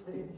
Știi?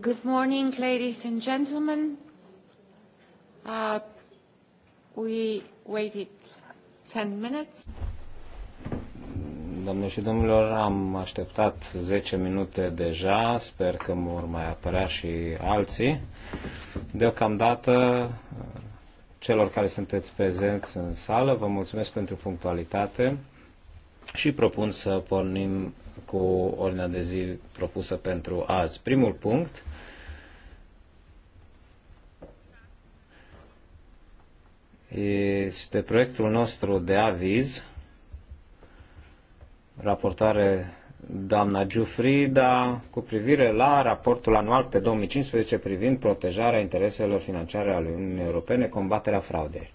Good morning, ladies and gentlemen. Uh, we waited 10 minutes. Doamne și domnilor, am așteptat 10 minute deja, sper că mă vor mai apărea și alții. Deocamdată, celor care sunteți prezenți în sală, vă mulțumesc pentru punctualitate și propun să pornim cu ordinea de zi propusă pentru azi. Primul punct este proiectul nostru de aviz, raportare doamna Giufrida cu privire la raportul anual pe 2015 privind protejarea intereselor financiare ale Uniunii Europene, combaterea fraudei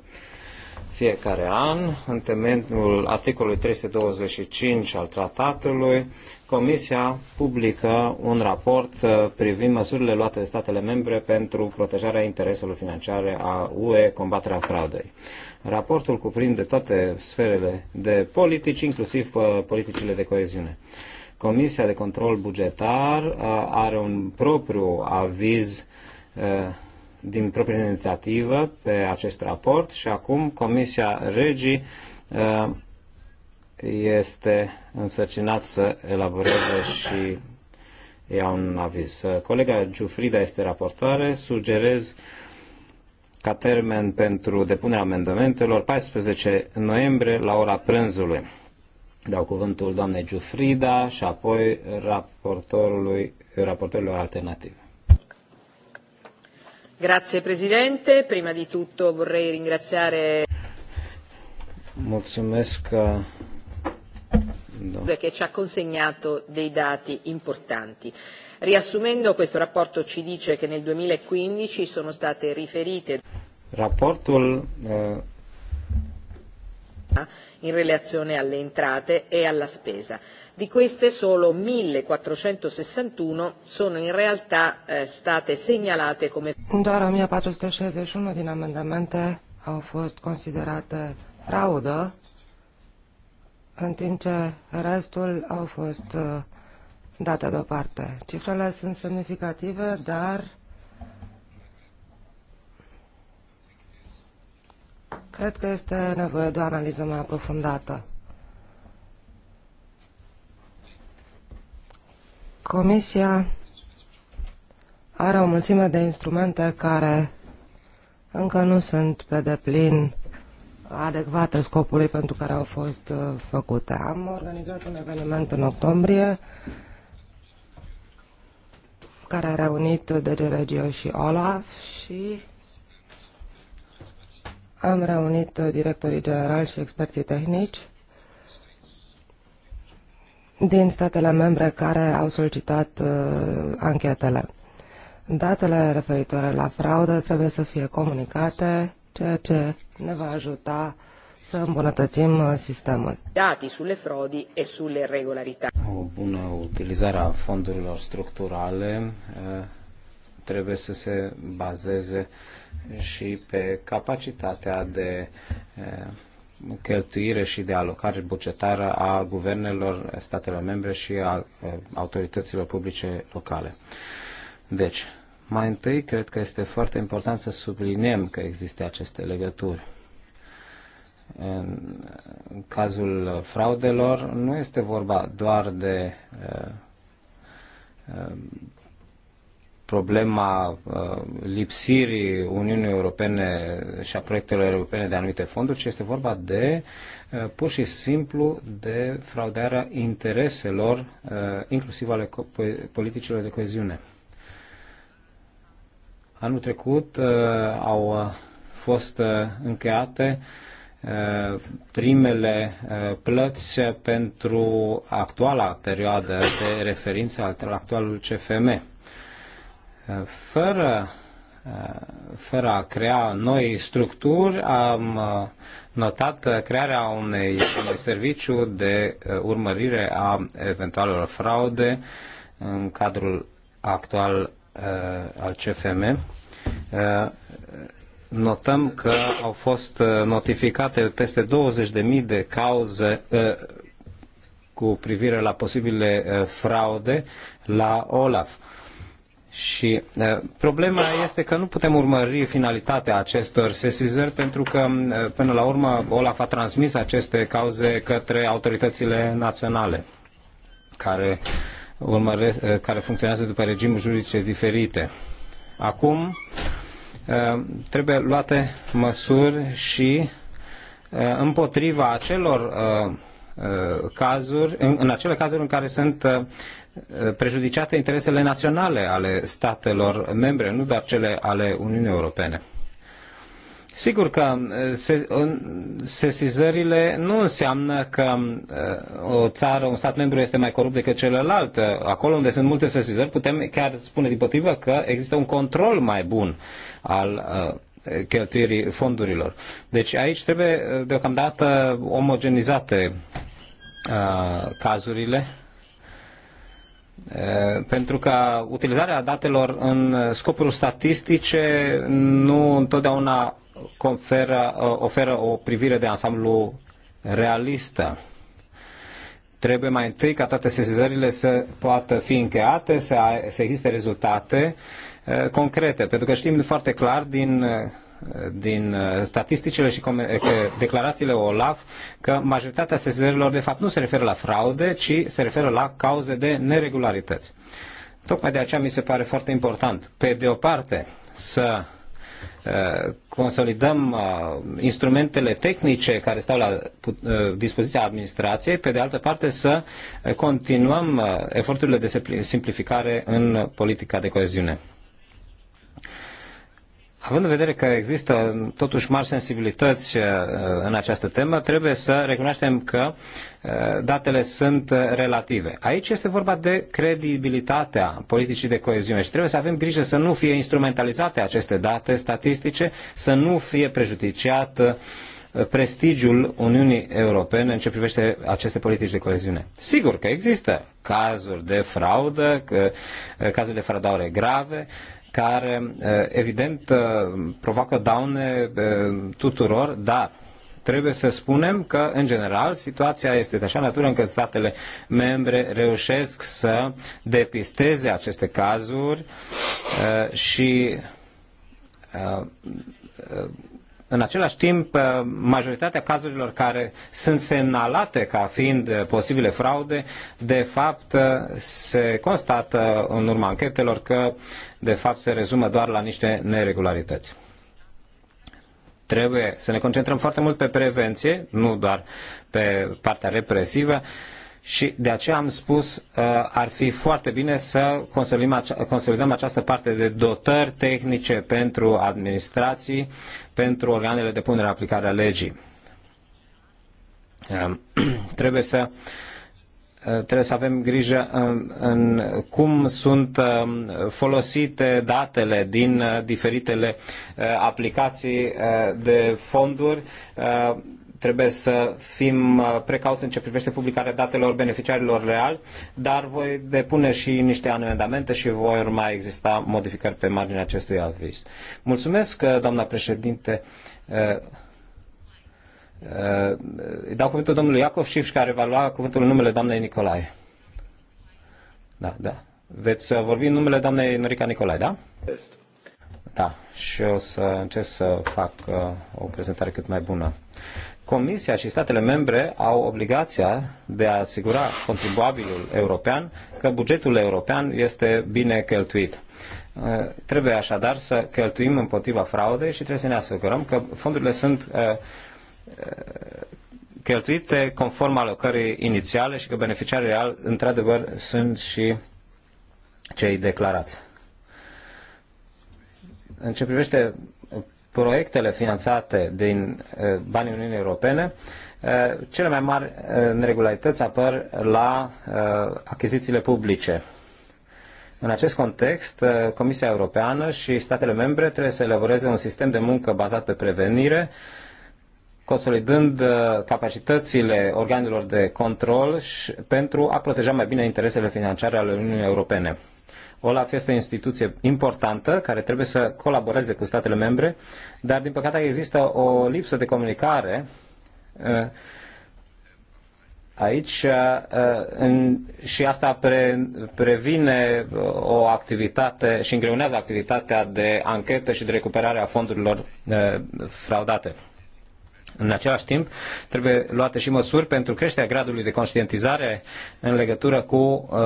fiecare an, în temeiul articolului 325 al tratatului, Comisia publică un raport uh, privind măsurile luate de statele membre pentru protejarea intereselor financiare a UE, combaterea fraudei. Raportul cuprinde toate sferele de politici, inclusiv uh, politicile de coeziune. Comisia de control bugetar uh, are un propriu aviz din proprie inițiativă pe acest raport și acum Comisia Regii uh, este însărcinat să elaboreze și ia un aviz. Uh, colega Giufrida este raportoare, sugerez ca termen pentru depunerea amendamentelor 14 noiembrie la ora prânzului. Dau cuvântul doamnei Giufrida și apoi raportorului, raportorilor alternative. Grazie Presidente, prima di tutto vorrei ringraziare Mulțumesc da. che ci ha consegnato dei dati importanti. Riassumendo, questo rapporto ci dice che nel 2015 sono state riferite Raportul eh... in relazione alle entrate e alla spesa Di queste solo 1461 sono in realtà eh, state segnalate come... Doar 1461 din amendamente au fost considerate fraudă, în timp ce restul au fost uh, date deoparte. Cifrele sunt semnificative, dar cred că este nevoie de o analiză mai aprofundată. Comisia are o mulțime de instrumente care încă nu sunt pe deplin adecvate scopului pentru care au fost uh, făcute. Am organizat un eveniment în octombrie care a reunit DG Regio și OLAF și am reunit directorii generali și experții tehnici din statele membre care au solicitat uh, anchetele. Datele referitoare la fraudă trebuie să fie comunicate, ceea ce ne va ajuta să îmbunătățim uh, sistemul. Dati sulle frodi e sulle regolarità. O bună utilizare a fondurilor structurale uh, trebuie să se bazeze și pe capacitatea de uh, cheltuire și de alocare bugetară a guvernelor, statelor membre și a autorităților publice locale. Deci, mai întâi, cred că este foarte important să subliniem că există aceste legături. În cazul fraudelor, nu este vorba doar de uh, uh, problema uh, lipsirii Uniunii Europene și a proiectelor europene de anumite fonduri, ci este vorba de uh, pur și simplu de fraudarea intereselor, uh, inclusiv ale politicilor de coeziune. Anul trecut au fost încheiate primele plăți pentru actuala perioadă de referință al actualul CFM fără, fără a crea noi structuri, am uh, notat crearea unei, unui serviciu de uh, urmărire a eventualelor fraude în cadrul actual uh, al CFM notăm că au fost notificate peste 20.000 de cauze cu privire la posibile fraude la OLAF. Și problema este că nu putem urmări finalitatea acestor sesizări pentru că, până la urmă, Olaf a transmis aceste cauze către autoritățile naționale care, urmăre, care funcționează după regimuri juridice diferite. Acum trebuie luate măsuri și împotriva acelor cazuri, în, în acele cazuri în care sunt prejudiciate interesele naționale ale statelor membre, nu doar cele ale Uniunii Europene. Sigur că uh, sesizările nu înseamnă că uh, o țară, un stat membru este mai corupt decât celălalt. Acolo unde sunt multe sesizări, putem chiar spune din potrivă că există un control mai bun al uh, cheltuirii fondurilor. Deci aici trebuie deocamdată omogenizate cazurile Eh, pentru că utilizarea datelor în scopuri statistice nu întotdeauna conferă, eh, oferă o privire de ansamblu realistă. Trebuie mai întâi ca toate sesizările să poată fi încheiate, să, să existe rezultate eh, concrete, pentru că știm foarte clar din din uh, statisticile și declarațiile OLAF că majoritatea sesizărilor de fapt nu se referă la fraude, ci se referă la cauze de neregularități. Tocmai de aceea mi se pare foarte important, pe de o parte, să uh, consolidăm uh, instrumentele tehnice care stau la dispoziția administrației, pe de altă parte să continuăm eforturile de simplificare în politica de coeziune. Având în vedere că există totuși mari sensibilități uh, în această temă, trebuie să recunoaștem că uh, datele sunt relative. Aici este vorba de credibilitatea politicii de coeziune și trebuie să avem grijă să nu fie instrumentalizate aceste date statistice, să nu fie prejudiciat uh, prestigiul Uniunii Europene în ce privește aceste politici de coeziune. Sigur că există cazuri de fraudă, că, cazuri de fraudare grave, care eh, evident eh, provoacă daune eh, tuturor, dar trebuie să spunem că, în general, situația este de așa natură încât statele membre reușesc să depisteze aceste cazuri și în același timp, uh, majoritatea cazurilor care sunt semnalate ca fiind uh, posibile fraude, de fapt uh, se constată în urma anchetelor că de fapt se rezumă doar la niște neregularități. Trebuie să ne concentrăm foarte mult pe prevenție, nu doar pe partea represivă, uh, și de aceea am spus uh, ar fi foarte bine să consolidăm această parte de dotări tehnice pentru administrații, pentru organele de punere în aplicare a legii. Um, trebuie să uh, trebuie să avem grijă în, um, în, cum sunt um, folosite datele din uh, diferitele aplicații de fonduri Trebuie să fim uh, precauți în ce privește publicarea datelor beneficiarilor reali, dar voi depune și niște amendamente și vor mai exista modificări pe marginea acestui aviz. Mulțumesc, uh, doamna președinte. Uh, îi dau cuvântul domnului Iacov Șif, care va lua cuvântul în numele doamnei Nicolae. Da, da. Veți vorbi în numele doamnei Norica Nicolae, da? Este. Da, și o să încerc să fac o prezentare cât mai bună. Comisia și statele membre au obligația de a asigura contribuabilul european că bugetul european este bine cheltuit. Uh, trebuie așadar să cheltuim împotriva fraudei și trebuie să ne asigurăm că fondurile sunt uh, uh, cheltuite conform alocării inițiale și că beneficiarii real într-adevăr sunt și cei declarați. În ce privește proiectele finanțate din eh, banii Uniunii Europene, eh, cele mai mari eh, neregularități apar la achizițiile publice. În acest context, Comisia Europeană și statele membre trebuie să elaboreze un sistem de muncă bazat pe prevenire, consolidând capacitățile organelor de control și pentru a proteja mai bine interesele financiare ale Uniunii Europene. OLAF este o instituție importantă care trebuie să colaboreze cu statele membre, dar din păcate există o lipsă de comunicare uh, aici uh, uh, și asta pre, previne o activitate și îngreunează activitatea de anchetă și de recuperare a fondurilor fraudate. În același timp, trebuie luate și măsuri pentru creșterea gradului de conștientizare în legătură cu uh,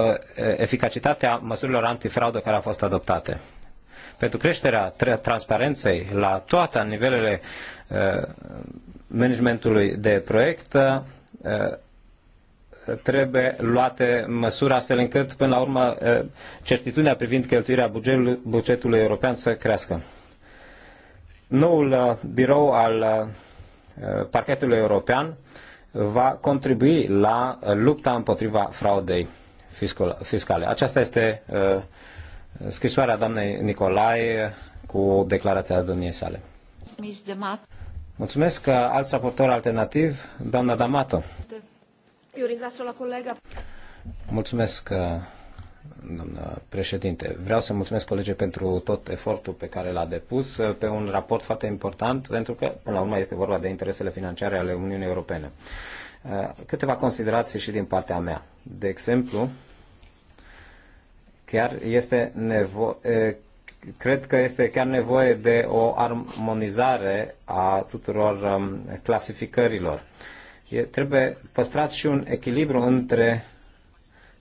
eficacitatea măsurilor antifraudă care au fost adoptate. Pentru creșterea transparenței la toate nivelele uh, managementului de proiect, uh, trebuie luate măsuri astfel încât, până la urmă, certitudinea privind cheltuirea bugetului, bugetului european să crească. Noul birou al Uh, parchetului european va contribui la lupta împotriva fraudei fiscale. Aceasta este uh, scrisoarea doamnei Nicolae cu declarația domniei sale. Mulțumesc că alți raportor alternativ, doamna D'Amato. Eu la colega. Mulțumesc, uh, doamnă președinte. Vreau să mulțumesc colegii pentru tot efortul pe care l-a depus pe un raport foarte important, pentru că, până la urmă, este vorba de interesele financiare ale Uniunii Europene. Uh, câteva considerații și din partea mea. De exemplu, chiar este nevo- uh, cred că este chiar nevoie de o armonizare a tuturor um, clasificărilor. E, trebuie păstrat și un echilibru între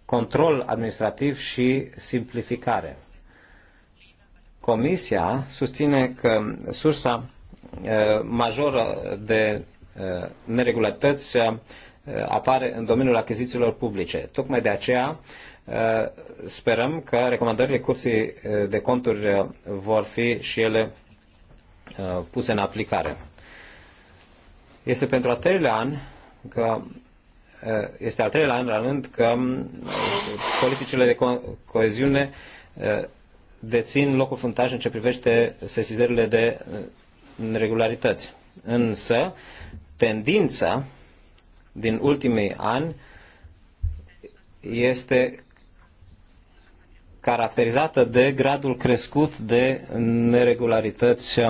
control administrativ și simplificare. Comisia susține că sursa uh, majoră de uh, neregularități uh, apare în domeniul achizițiilor publice. Tocmai de aceea sperăm că recomandările Curții de Conturi vor fi și ele puse în aplicare. Este pentru a treilea an că Uh, este al treilea an la rând că uh, politicile de co- coeziune uh, dețin locul fruntaș în ce privește sesizările de neregularități. Însă, tendința din ultimii ani este caracterizată de gradul crescut de neregularități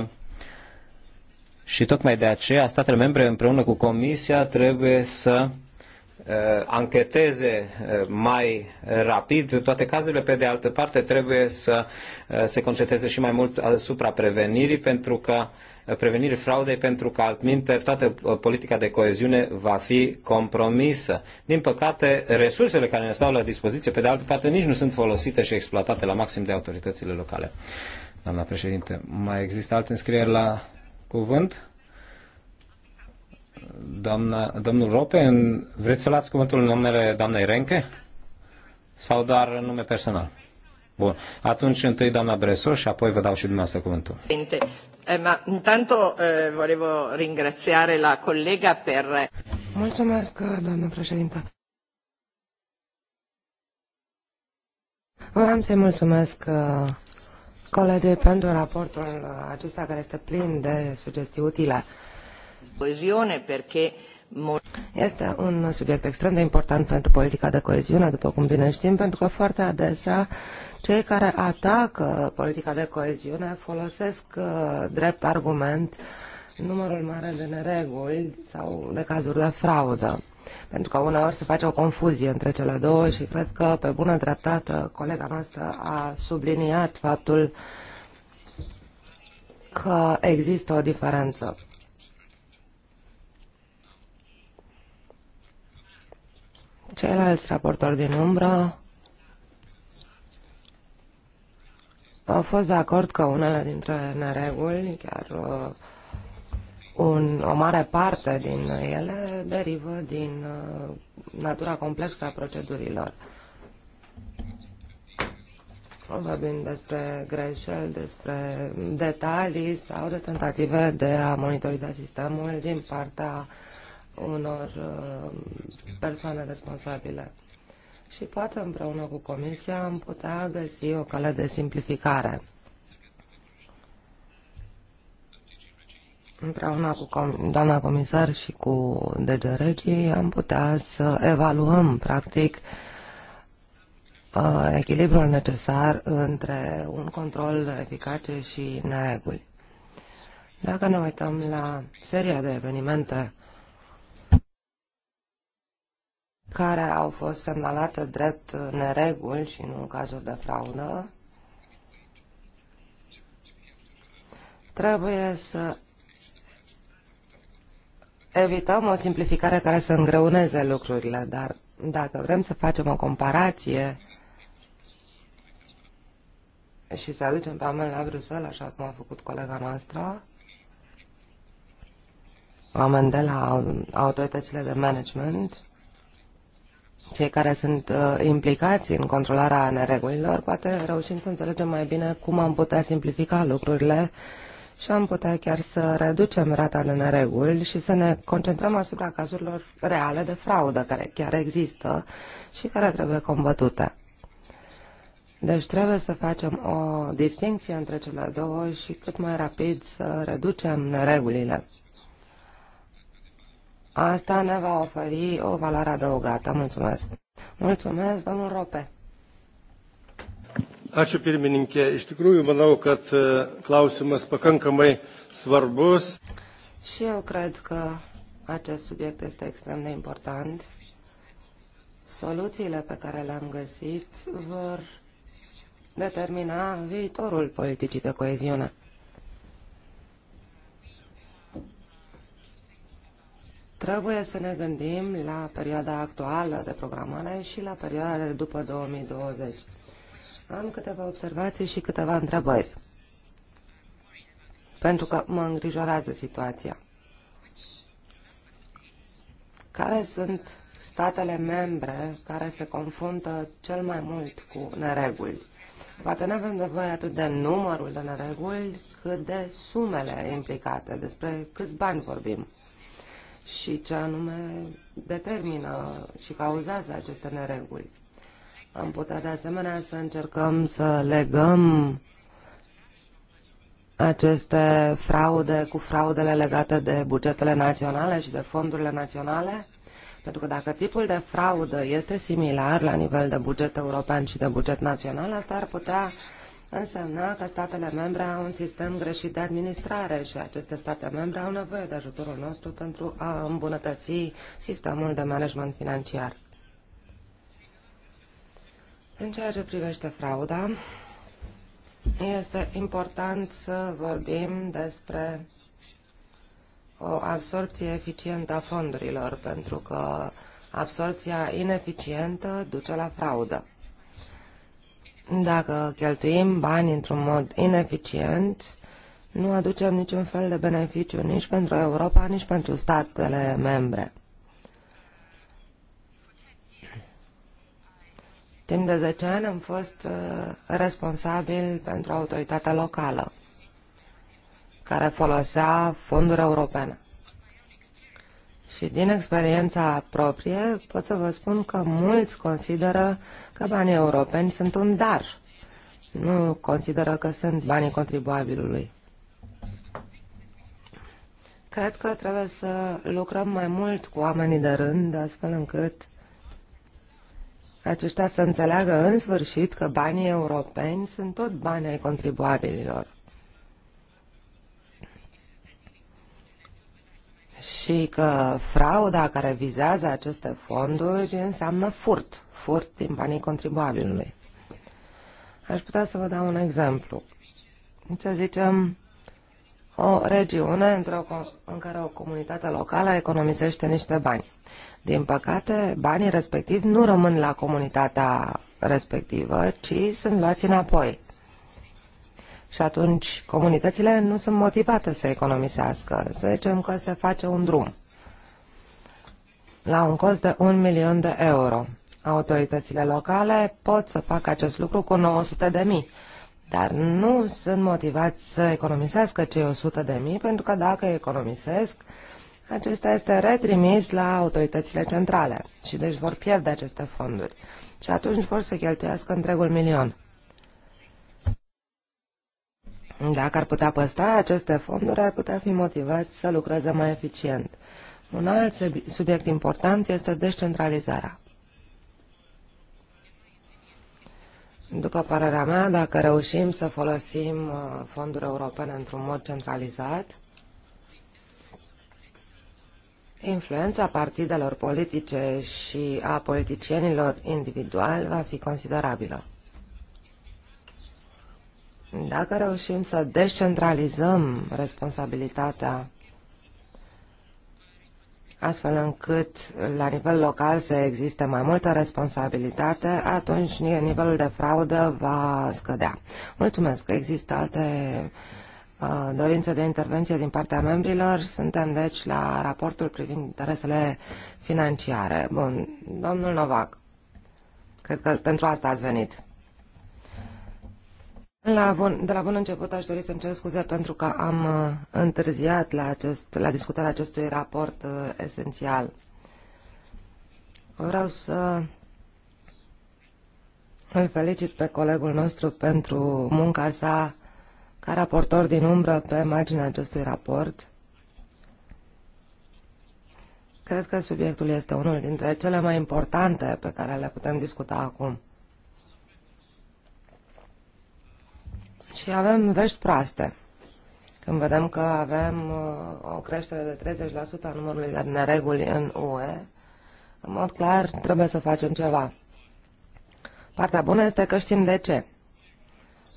și tocmai de aceea statele membre împreună cu Comisia trebuie să Uh, ancheteze uh, mai rapid toate cazurile, pe de altă parte trebuie să uh, se concentreze și mai mult asupra prevenirii pentru că prevenirii fraudei pentru că altminteri toată politica de coeziune va fi compromisă. Din păcate, resursele care ne stau la dispoziție, pe de altă parte, nici nu sunt folosite și exploatate la maxim de autoritățile locale. Doamna președinte, mai există alte înscrieri la cuvânt? Doamna, domnul Ropen, vreți să luați cuvântul în numele doamnei Renke? Sau doar în nume personal? Bun. Atunci întâi doamna Breso și apoi vă dau și dumneavoastră cuvântul. Eh, ma intanto eh, volevo ringraziare la collega per... Mulțumesc, doamnă președintă. Vreau să-i mulțumesc eh, colegii pentru raportul acesta care este plin de sugestii utile. Coeziune, perché este un subiect extrem de important pentru politica de coeziune, după cum bine știm, pentru că foarte adesea cei care atacă politica de coeziune folosesc uh, drept argument numărul mare de nereguli sau de cazuri de fraudă. Pentru că uneori se face o confuzie între cele două și cred că, pe bună dreptate, colega noastră a subliniat faptul că există o diferență. Ceilalți raportori din umbră au fost de acord că unele dintre nereguli, chiar uh, un, o mare parte din ele, derivă din uh, natura complexă a procedurilor. Vorbim despre greșeli, despre detalii sau de tentative de a monitoriza sistemul din partea uh, unor uh, persoane responsabile. Și poate împreună cu Comisia am putea găsi o cale de simplificare. Împreună cu com doamna comisar și cu DG Regii am putea să evaluăm, practic, uh, echilibrul necesar între un control eficace și nereguli. Dacă ne uităm la seria de evenimente care au fost semnalate drept nereguli și nu cazuri de fraudă, trebuie să evităm o simplificare care să îngreuneze lucrurile, dar dacă vrem să facem o comparație și să aducem pe oameni la Bruxelles, așa cum a făcut colega noastră, oameni de la autoritățile de management, cei care sunt uh, implicați în controlarea neregulilor, poate reușim să înțelegem mai bine cum am putea simplifica lucrurile și am putea chiar să reducem rata de nereguli și să ne concentrăm asupra cazurilor reale de fraudă care chiar există și care trebuie combătute. Deci trebuie să facem o distinție între cele două și cât mai rapid să reducem neregulile. Asta ne va oferi o valoare adăugată. Mulțumesc. Mulțumesc, domnul Rope. Ačiū pirmininkė. Iš tikrųjų, manau, kad klausimas pakankamai svarbus. Și eu cred că acest subiect este extrem de important. Soluțiile pe care le-am găsit vor determina viitorul politicii de coeziune. Trebuie să ne gândim la perioada actuală de programare și la perioada de după 2020. Am câteva observații și câteva întrebări, pentru că mă îngrijorează situația. Care sunt statele membre care se confruntă cel mai mult cu nereguli? Poate nu avem nevoie atât de numărul de nereguli, cât de sumele implicate, despre câți bani vorbim și ce anume determină și cauzează aceste nereguli. Am putea de asemenea să încercăm să legăm aceste fraude cu fraudele legate de bugetele naționale și de fondurile naționale? Pentru că dacă tipul de fraudă este similar la nivel de buget european și de buget național, asta ar putea însemna că statele membre au un sistem greșit de administrare și aceste state membre au nevoie de ajutorul nostru pentru a îmbunătăți sistemul de management financiar. În ceea ce privește frauda, este important să vorbim despre o absorpție eficientă a fondurilor, pentru că absorpția ineficientă duce la fraudă. Dacă cheltuim bani într-un mod ineficient, nu aducem niciun fel de beneficiu nici pentru Europa, nici pentru statele membre. Timp de 10 ani am fost uh, responsabil pentru autoritatea locală, care folosea fonduri europene. Și din experiența proprie pot să vă spun că mulți consideră că banii europeni sunt un dar. Nu consideră că sunt banii contribuabilului. Cred că trebuie să lucrăm mai mult cu oamenii de rând, astfel încât aceștia să înțeleagă în sfârșit că banii europeni sunt tot banii ai contribuabililor. Și că frauda care vizează aceste fonduri înseamnă furt furt din banii contribuabilului. Aș putea să vă dau un exemplu. Să zicem, o regiune într-o, în care o comunitate locală economisește niște bani. Din păcate, banii respectivi nu rămân la comunitatea respectivă, ci sunt luați înapoi. Și atunci comunitățile nu sunt motivate să economisească. Să zicem că se face un drum la un cost de un milion de euro. Autoritățile locale pot să facă acest lucru cu 900 de mii, dar nu sunt motivați să economisească cei 100 de mii, pentru că dacă economisesc, acesta este retrimis la autoritățile centrale și deci vor pierde aceste fonduri și atunci vor să cheltuiască întregul milion. Dacă ar putea păstra aceste fonduri, ar putea fi motivați să lucreze mai eficient. Un alt subiect important este descentralizarea. După părerea mea, dacă reușim să folosim uh, fonduri europene într-un mod centralizat, influența partidelor politice și a politicienilor individual va fi considerabilă. Dacă reușim să descentralizăm responsabilitatea astfel încât la nivel local să existe mai multă responsabilitate, atunci nivelul de fraudă va scădea. Mulțumesc. Există alte uh, dorințe de intervenție din partea membrilor. Suntem, deci, la raportul privind interesele financiare. Bun. Domnul Novac, cred că pentru asta ați venit. La bun, de la bun început aș dori să-mi cer scuze pentru că am uh, întârziat la, acest, la discutarea acestui raport uh, esențial. Vreau să îl felicit pe colegul nostru pentru munca sa ca raportor din umbră pe marginea acestui raport. Cred că subiectul este unul dintre cele mai importante pe care le putem discuta acum. Și avem vești proaste. Când vedem că avem uh, o creștere de 30% a numărului de nereguli în UE, în mod clar trebuie să facem ceva. Partea bună este că știm de ce.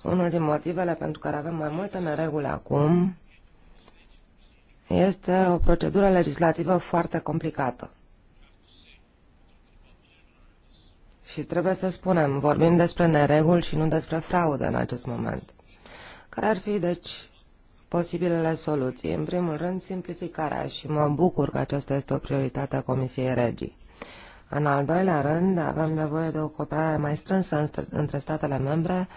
Unul din motivele pentru care avem mai multe nereguli acum este o procedură legislativă foarte complicată. Și trebuie să spunem, vorbim despre nereguli și nu despre fraude în acest moment. Care ar fi, deci, posibilele soluții? În primul rând, simplificarea și mă bucur că aceasta este o prioritate a Comisiei Regii. În al doilea rând, avem nevoie de o cooperare mai strânsă între statele membre,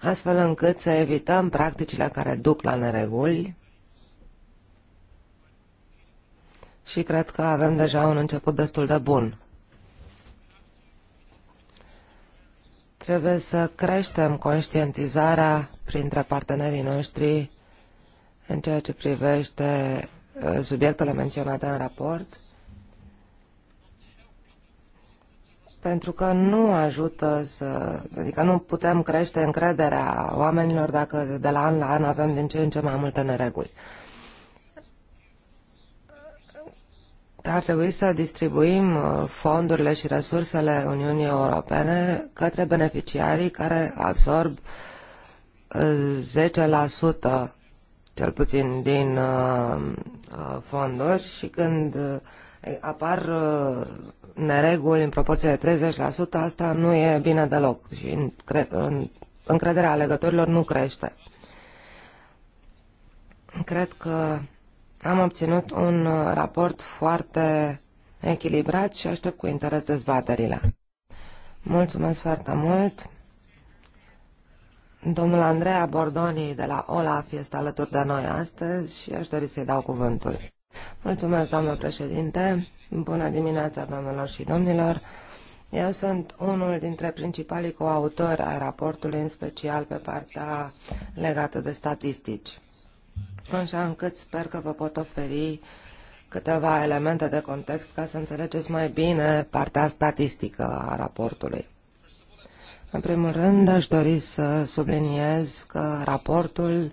astfel încât să evităm practicile care duc la nereguli și cred că avem deja un început destul de bun. Trebuie să creștem conștientizarea printre partenerii noștri în ceea ce privește uh, subiectele menționate în raport, pentru că nu ajută să... adică nu putem crește încrederea oamenilor dacă de la an la an avem din ce în ce mai multe nereguli. ar trebui să distribuim uh, fondurile și resursele Uniunii Europene către beneficiarii care absorb 10% uh, cel puțin din uh, fonduri și când apar nereguli în proporție de 30%, asta nu e bine deloc și încrederea alegătorilor nu crește. Cred că am obținut un uh, raport foarte echilibrat și aștept cu interes dezbaterile. Mulțumesc foarte mult! Domnul Andreea Bordoni de la OLAF este alături de noi astăzi și aș dori să-i dau cuvântul. Mulțumesc, doamnă președinte! Bună dimineața, doamnelor și domnilor! Eu sunt unul dintre principalii coautori ai raportului, în special pe partea legată de statistici așa încât sper că vă pot oferi câteva elemente de context ca să înțelegeți mai bine partea statistică a raportului. În primul rând, aș dori să subliniez că raportul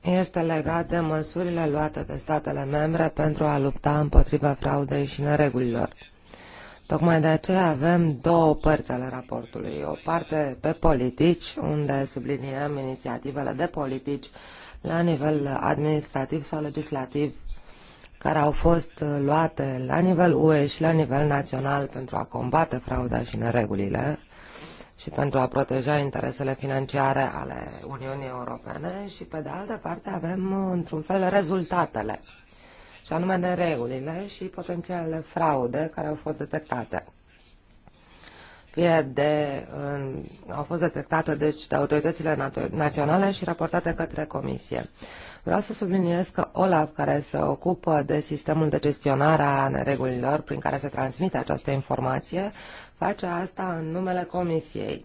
este legat de măsurile luate de statele membre pentru a lupta împotriva fraudei și neregulilor. Tocmai de aceea avem două părți ale raportului. O parte pe politici, unde subliniem inițiativele de politici la nivel administrativ sau legislativ care au fost uh, luate la nivel UE și la nivel național pentru a combate frauda și neregulile și pentru a proteja interesele financiare ale Uniunii Europene și, pe de altă parte, avem, uh, într-un fel, rezultatele, și anume neregulile și potențialele fraude care au fost detectate fie de, în, au fost detectate deci, de autoritățile naționale și raportate către Comisie. Vreau să subliniez că OLAF, care se ocupă de sistemul de gestionare a neregulilor prin care se transmite această informație, face asta în numele Comisiei.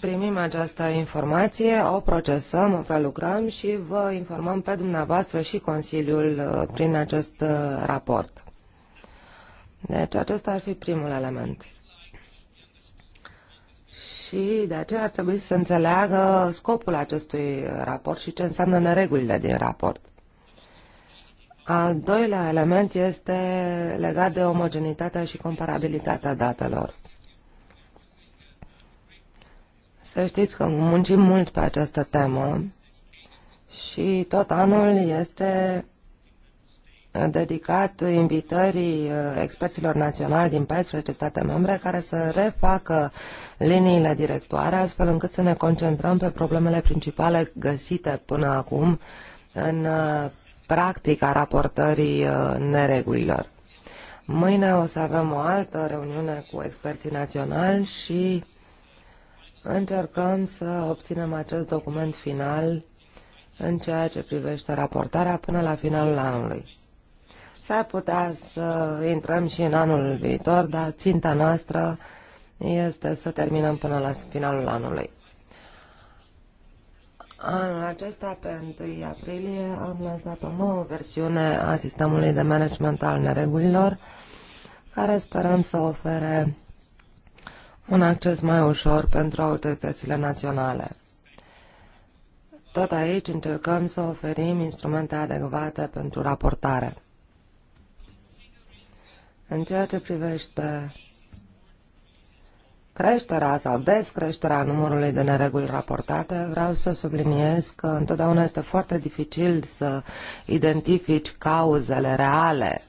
primim această informație, o procesăm, o prelucrăm și vă informăm pe dumneavoastră și Consiliul uh, prin acest uh, raport. Deci acesta ar fi primul element. Și de aceea ar trebui să înțeleagă scopul acestui raport și ce înseamnă neregulile din raport. Al doilea element este legat de omogenitatea și comparabilitatea datelor. Să știți că muncim mult pe această temă și tot anul este dedicat invitării uh, experților naționali din 14 state membre care să refacă liniile directoare, astfel încât să ne concentrăm pe problemele principale găsite până acum în uh, practica raportării uh, neregulilor. Mâine o să avem o altă reuniune cu experții naționali și încercăm să obținem acest document final în ceea ce privește raportarea până la finalul anului. S-ar putea să intrăm și în anul viitor, dar ținta noastră este să terminăm până la finalul anului. Anul acesta, pe 1 aprilie, am lansat o nouă versiune a sistemului de management al neregulilor, care sperăm să ofere un acces mai ușor pentru autoritățile naționale. Tot aici încercăm să oferim instrumente adecvate pentru raportare. În ceea ce privește creșterea sau descreșterea numărului de nereguli raportate, vreau să subliniez că întotdeauna este foarte dificil să identifici cauzele reale.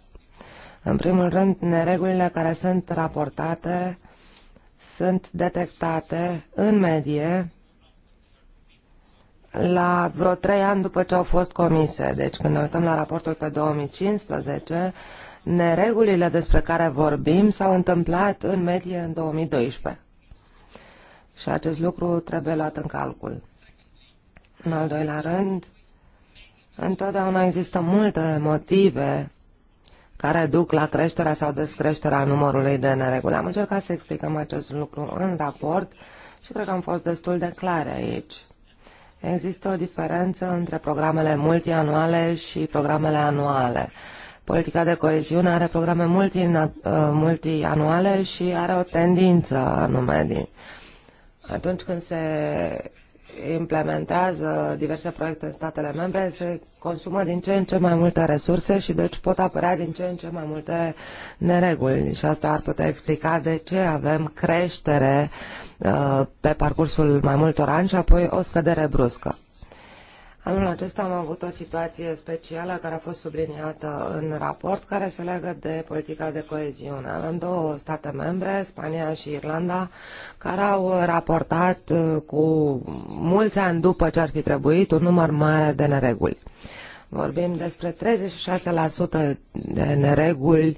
În primul rând, neregulile care sunt raportate sunt detectate în medie la vreo trei ani după ce au fost comise. Deci când ne uităm la raportul pe 2015, Neregulile despre care vorbim s-au întâmplat în medie în 2012 și acest lucru trebuie luat în calcul. În al doilea rând, întotdeauna există multe motive care duc la creșterea sau descreșterea numărului de nereguli. Am încercat să explicăm acest lucru în raport și cred că am fost destul de clare aici. Există o diferență între programele multianuale și programele anuale. Politica de coeziune are programe multi, uh, multianuale și are o tendință anume din, atunci când se implementează diverse proiecte în statele membre, se consumă din ce în ce mai multe resurse și deci pot apărea din ce în ce mai multe nereguli. Și asta ar putea explica de ce avem creștere uh, pe parcursul mai multor ani și apoi o scădere bruscă. Anul acesta am avut o situație specială care a fost subliniată în raport, care se legă de politica de coeziune. Avem două state membre, Spania și Irlanda, care au raportat uh, cu mulți ani după ce ar fi trebuit un număr mare de nereguli. Vorbim despre 36% de nereguli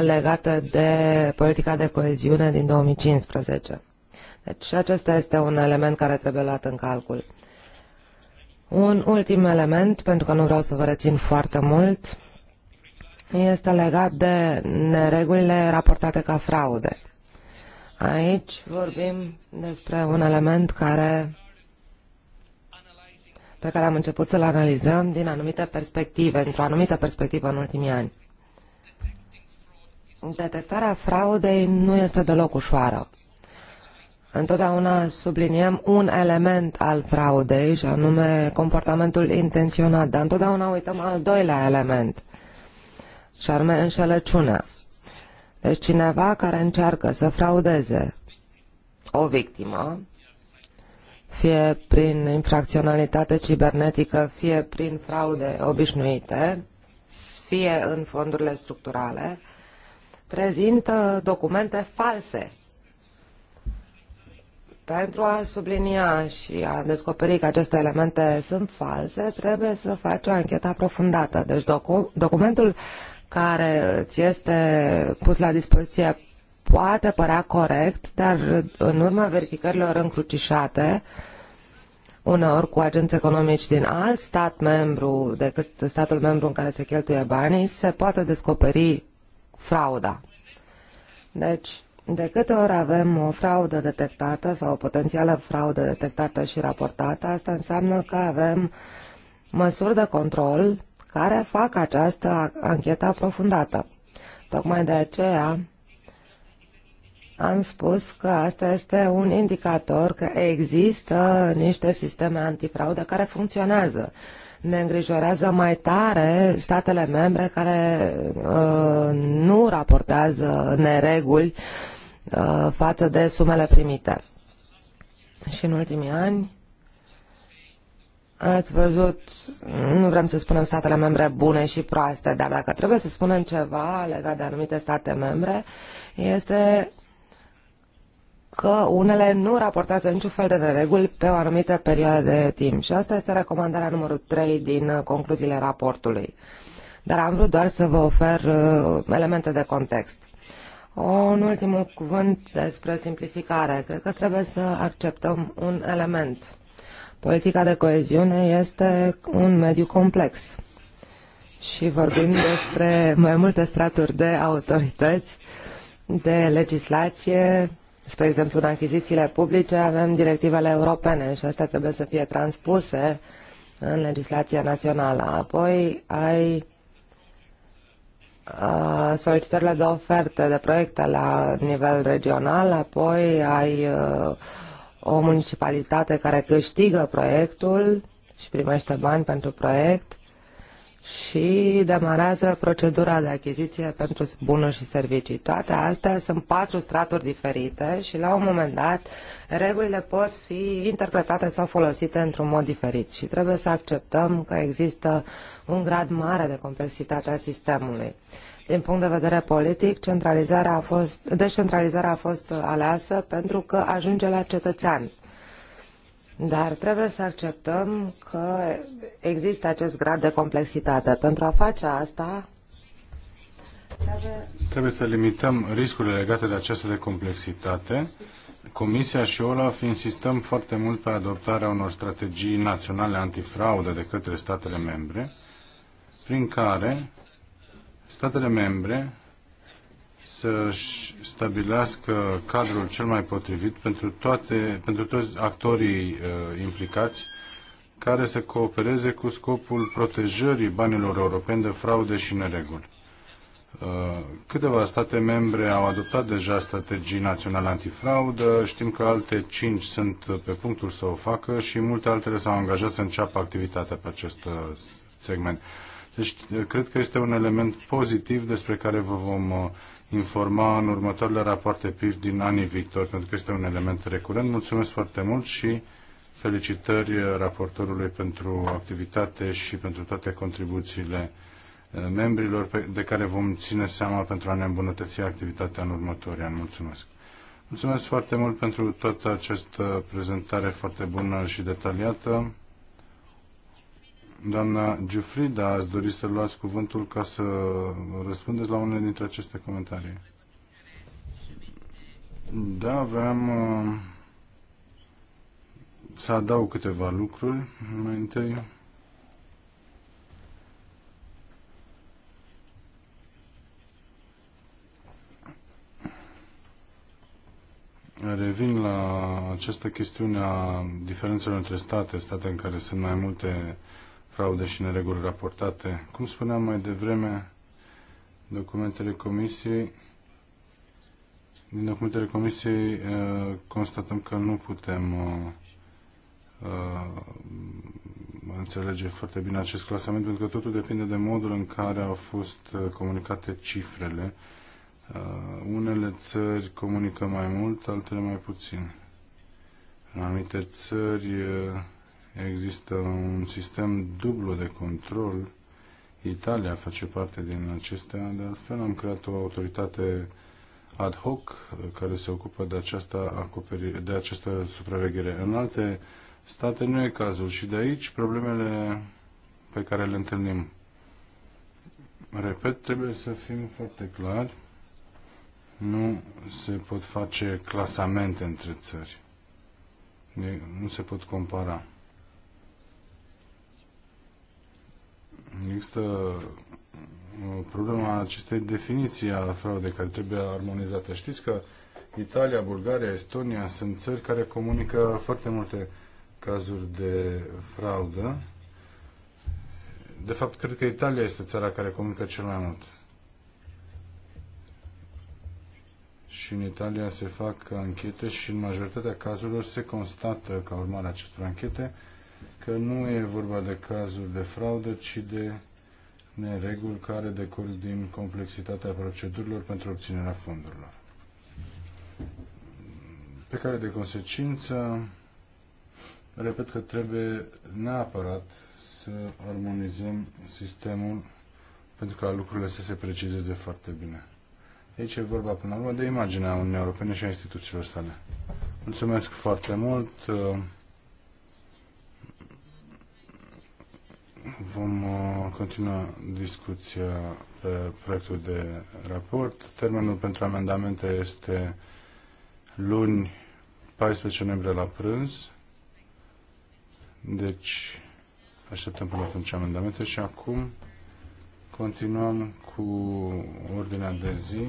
legate de politica de coeziune din 2015. Deci și acesta este un element care trebuie luat în calcul. Un ultim element, pentru că nu vreau să vă rețin foarte mult, este legat de neregulile raportate ca fraude. Aici vorbim despre un element care, pe care am început să-l analizăm din anumite perspective, într-o anumită perspectivă în ultimii ani. Detectarea fraudei nu este deloc ușoară. Întotdeauna subliniem un element al fraudei și anume comportamentul intenționat, dar întotdeauna uităm al doilea element și anume înșelăciunea. Deci cineva care încearcă să fraudeze o victimă, fie prin infracționalitate cibernetică, fie prin fraude obișnuite, fie în fondurile structurale, prezintă documente false pentru a sublinia și a descoperi că aceste elemente sunt false, trebuie să faci o anchetă aprofundată. Deci docu documentul care ți este pus la dispoziție poate părea corect, dar în urma verificărilor încrucișate, uneori cu agenți economici din alt stat membru decât statul membru în care se cheltuie banii, se poate descoperi frauda. Deci, de câte ori avem o fraudă detectată sau o potențială fraudă detectată și raportată, asta înseamnă că avem măsuri de control care fac această anchetă aprofundată. Tocmai de aceea am spus că asta este un indicator că există niște sisteme antifraudă care funcționează. Ne îngrijorează mai tare statele membre care uh, nu raportează nereguli uh, Uh, față de sumele primite. Și în ultimii ani ați văzut, nu vrem să spunem statele membre bune și proaste, dar dacă trebuie să spunem ceva legat de anumite state membre, este că unele nu raportează niciun fel de reguli pe o anumită perioadă de timp. Și asta este recomandarea numărul 3 din concluziile raportului. Dar am vrut doar să vă ofer uh, elemente de context. O, un ultim cuvânt despre simplificare. Cred că trebuie să acceptăm un element. Politica de coeziune este un mediu complex și vorbim despre mai multe straturi de autorități, de legislație, spre exemplu în achizițiile publice avem directivele europene și astea trebuie să fie transpuse în legislația națională. Apoi ai Uh, solicitările de oferte de proiecte la nivel regional, apoi ai uh, o municipalitate care câștigă proiectul și primește bani pentru proiect și demarează procedura de achiziție pentru bunuri și servicii. Toate astea sunt patru straturi diferite și la un moment dat regulile pot fi interpretate sau folosite într-un mod diferit și trebuie să acceptăm că există un grad mare de complexitate a sistemului. Din punct de vedere politic, centralizarea a fost, descentralizarea a fost aleasă pentru că ajunge la cetățean dar trebuie să acceptăm că există acest grad de complexitate. Pentru a face asta, trebuie... trebuie să limităm riscurile legate de această de complexitate. Comisia și OLAF insistăm foarte mult pe adoptarea unor strategii naționale antifraudă de către statele membre, prin care statele membre să-și stabilească cadrul cel mai potrivit pentru, toate, pentru toți actorii uh, implicați care să coopereze cu scopul protejării banilor europeni de fraude și nereguli. Uh, câteva state membre au adoptat deja strategii naționale antifraudă, știm că alte cinci sunt pe punctul să o facă și multe altele s-au angajat să înceapă activitatea pe acest uh, segment. Deci uh, cred că este un element pozitiv despre care vă vom informa în următoarele rapoarte PIF din anii viitori, pentru că este un element recurent. Mulțumesc foarte mult și felicitări raportorului pentru activitate și pentru toate contribuțiile eh, membrilor de care vom ține seama pentru a ne îmbunătăți activitatea în următorii ani. Mulțumesc! Mulțumesc foarte mult pentru toată această prezentare foarte bună și detaliată. Doamna Giufrida, ați dori să luați cuvântul ca să răspundeți la unele dintre aceste comentarii. Da, aveam uh, să adaug câteva lucruri. Mai întâi, Revin la această chestiune a diferențelor între state, state în care sunt mai multe fraude și nereguli raportate. Cum spuneam mai devreme, documentele Comisiei din documentele Comisiei uh, constatăm că nu putem uh, uh, înțelege foarte bine acest clasament, pentru că totul depinde de modul în care au fost comunicate cifrele. Unele țări comunică mai mult, altele mai puțin. În anumite țări Există un sistem dublu de control. Italia face parte din acestea, de altfel am creat o autoritate ad hoc uh, care se ocupă de această, de această supraveghere. În alte state nu e cazul și de aici problemele pe care le întâlnim. Repet, trebuie să fim foarte clari. Nu se pot face clasamente între țări. Nu se pot compara. Există uh, problema acestei definiții a fraudei care trebuie armonizată. Știți că Italia, Bulgaria, Estonia sunt țări care comunică foarte multe cazuri de fraudă. De fapt, cred că Italia este țara care comunică cel mai mult. Și în Italia se fac anchete și în majoritatea cazurilor se constată, ca urmare acestor anchete, că nu e vorba de cazuri de fraudă, ci de nereguli care decurg din complexitatea procedurilor pentru obținerea fondurilor. Pe care de consecință, repet că trebuie neapărat să armonizăm sistemul pentru ca lucrurile să se precizeze foarte bine. Aici e vorba până la urmă de imaginea Uniunii Europene și a instituțiilor sale. Mulțumesc foarte mult! Vom uh, continua discuția pe proiectul de raport. Termenul pentru amendamente este luni 14 noiembrie la prânz. Deci așteptăm până atunci amendamente și acum continuăm cu ordinea de zi.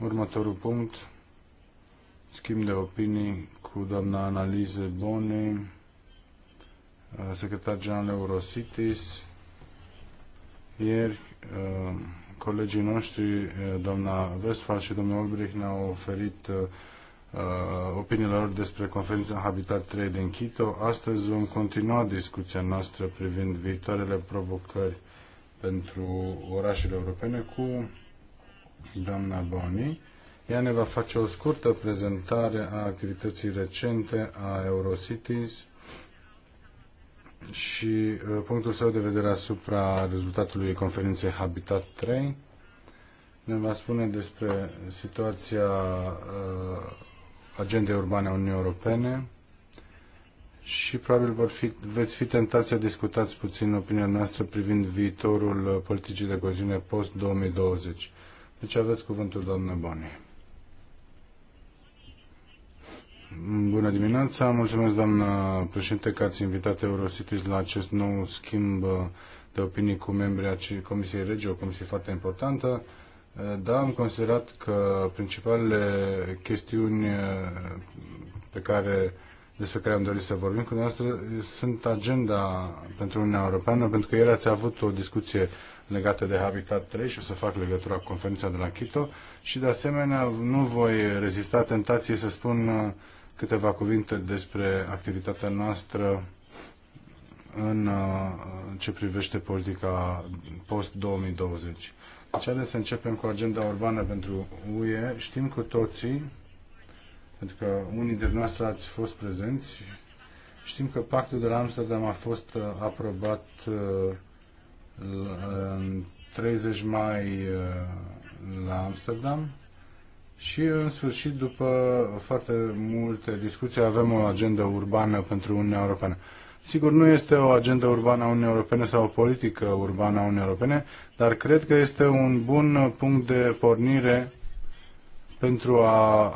Următorul punct, schimb de opinii cu doamna Analize Bonei. Uh, secretar general Eurocities. Ieri, uh, colegii noștri, uh, doamna Westphal și domnul Olbrich, ne-au oferit opiniile lor despre conferința Habitat 3 din Quito. Astăzi vom continua discuția noastră privind viitoarele provocări pentru orașele europene cu doamna Boni. Ea ne va face o scurtă prezentare a activității recente a Eurocities și uh, punctul său de vedere asupra rezultatului conferinței Habitat 3. Ne va spune despre situația uh, agendei urbane a Uniunii Europene și probabil vor fi, veți fi tentați să discutați puțin opinia noastră privind viitorul politicii de coziune post-2020. Deci aveți cuvântul, doamnă Boni. Bună dimineața, mulțumesc doamna președinte că ați invitat Eurocities la acest nou schimb de opinii cu membrii Comisiei Regi, o comisie foarte importantă. Da, am considerat că principalele chestiuni eh, pe care, despre care am dorit să vorbim cu dumneavoastră sunt agenda pentru Uniunea Europeană, pentru că ieri ați avut o discuție legată de Habitat 3 și o să fac legătura cu conferința de la Quito și de asemenea nu voi rezista tentației să spun uh, câteva cuvinte despre activitatea noastră în uh, ce privește politica post-2020. Deci haideți să începem cu agenda urbană pentru UE. Știm cu toții, pentru că unii dintre noastre ați fost prezenți, știm că pactul de la Amsterdam a fost uh, aprobat uh, în 30 mai la Amsterdam și în sfârșit, după foarte multe discuții, avem o agendă urbană pentru Uniunea Europeană. Sigur, nu este o agendă urbană a Uniunii Europene sau o politică urbană a Uniunii Europene, dar cred că este un bun punct de pornire pentru a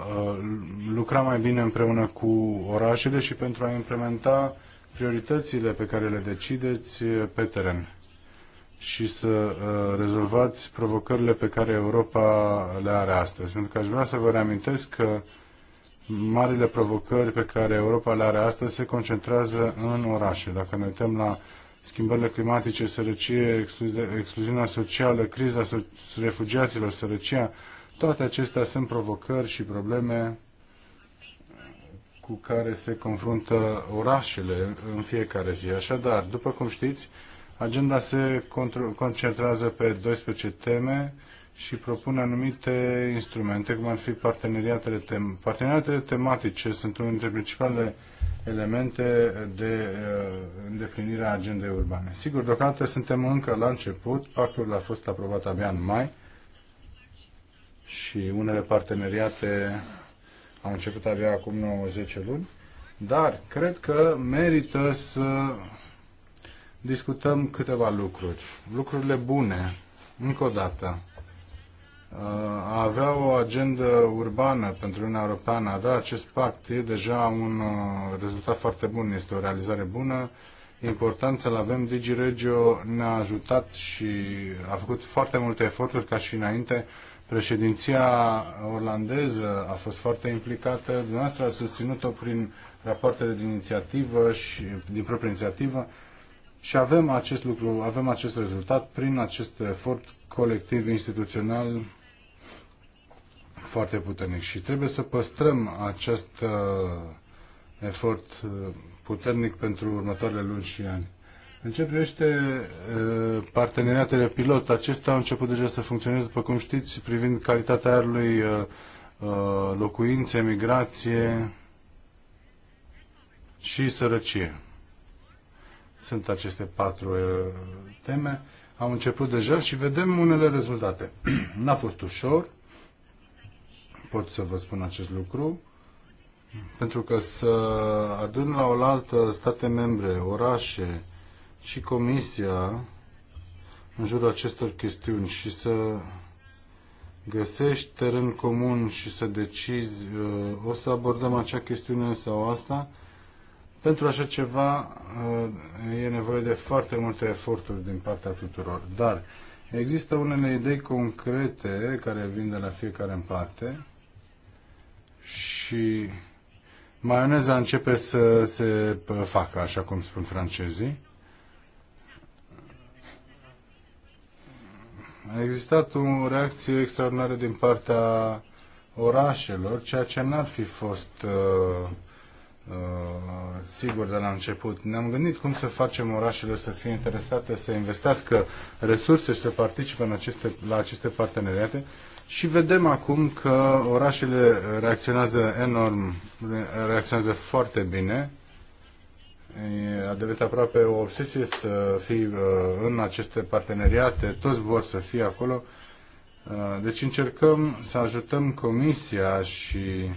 lucra mai bine împreună cu orașele și pentru a implementa prioritățile pe care le decideți pe teren și să uh, rezolvați provocările pe care Europa le are astăzi. Pentru că aș vrea să vă reamintesc că marile provocări pe care Europa le are astăzi se concentrează în orașe. Dacă ne uităm la schimbările climatice, sărăcie, excluziunea socială, criza refugiaților, sărăcia, toate acestea sunt provocări și probleme cu care se confruntă orașele în fiecare zi. Așadar, după cum știți, Agenda se concentrează pe 12 teme și propune anumite instrumente, cum ar fi parteneriatele, tem- parteneriatele tematice, sunt unul dintre principalele elemente de uh, îndeplinire a agendei urbane. Sigur, deocamdată suntem încă la început, pactul a fost aprobat abia în mai și unele parteneriate au început abia acum 9-10 luni, dar cred că merită să discutăm câteva lucruri. Lucrurile bune, încă o dată, a avea o agendă urbană pentru Uniunea Europeană, a avea da acest pact, e deja un uh, rezultat foarte bun, este o realizare bună. Important să-l avem. DigiRegio ne-a ajutat și a făcut foarte multe eforturi ca și înainte. Președinția orlandeză a fost foarte implicată, dumneavoastră a susținut-o prin rapoartele din inițiativă și din proprie inițiativă și avem acest lucru, avem acest rezultat prin acest efort colectiv instituțional foarte puternic și trebuie să păstrăm acest uh, efort uh, puternic pentru următoarele luni și ani. În ce privește uh, parteneriatele pilot, acestea au început deja să funcționeze, după cum știți, privind calitatea aerului, uh, uh, locuințe, migrație și sărăcie sunt aceste patru teme. Au început deja și vedem unele rezultate. N-a fost ușor, pot să vă spun acest lucru, pentru că să adun la oaltă state membre, orașe și comisia în jurul acestor chestiuni și să găsești teren comun și să decizi o să abordăm acea chestiune sau asta, pentru așa ceva uh, e nevoie de foarte multe eforturi din partea tuturor, dar există unele idei concrete care vin de la fiecare în parte și maioneza începe să se facă, așa cum spun francezii. A existat o reacție extraordinară din partea orașelor, ceea ce n-ar fi fost uh, Uh, sigur de la început. Ne-am gândit cum să facem orașele să fie interesate să investească resurse și să participe în aceste, la aceste parteneriate și vedem acum că orașele reacționează enorm, reacționează foarte bine. A devenit aproape o obsesie să fii uh, în aceste parteneriate, toți vor să fie acolo. Uh, deci încercăm să ajutăm Comisia și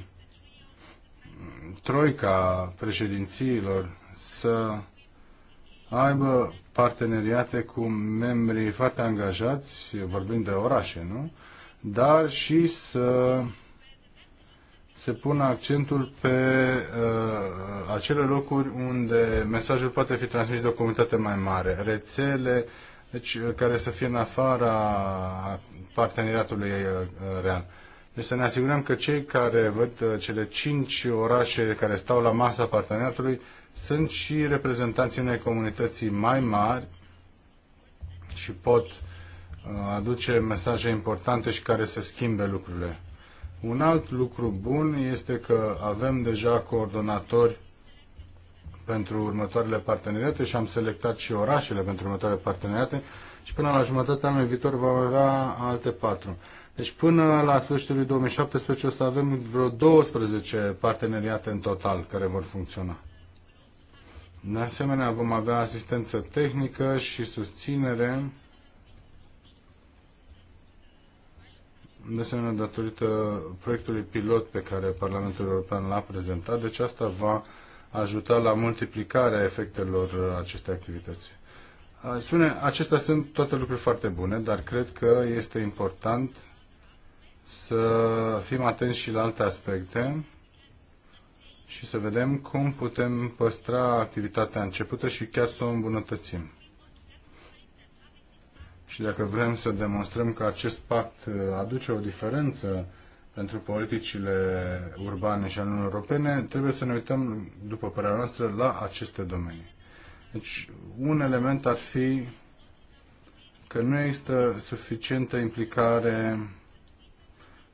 troica președințiilor să aibă parteneriate cu membrii foarte angajați, vorbim de orașe, nu? Dar și să se pună accentul pe uh, acele locuri unde mesajul poate fi transmis de o comunitate mai mare, rețele deci, care să fie în afara parteneriatului uh, real. Deci să ne asigurăm că cei care văd uh, cele cinci orașe care stau la masa parteneriatului sunt și reprezentanții unei comunității mai mari și pot uh, aduce mesaje importante și care să schimbe lucrurile. Un alt lucru bun este că avem deja coordonatori pentru următoarele parteneriate și am selectat și orașele pentru următoarele parteneriate și până la jumătatea anului viitor vom avea alte patru. Deci până la sfârșitul lui 2017 o să avem vreo 12 parteneriate în total care vor funcționa. De asemenea, vom avea asistență tehnică și susținere. De asemenea, datorită proiectului pilot pe care Parlamentul European l-a prezentat, deci asta va ajuta la multiplicarea efectelor acestei activități. Spune, acestea sunt toate lucruri foarte bune, dar cred că este important să fim atenți și la alte aspecte și să vedem cum putem păstra activitatea începută și chiar să o îmbunătățim. Și dacă vrem să demonstrăm că acest pact uh, aduce o diferență pentru politicile urbane și ale Europene, trebuie să ne uităm, după părerea noastră, la aceste domenii. Deci, un element ar fi că nu există suficientă implicare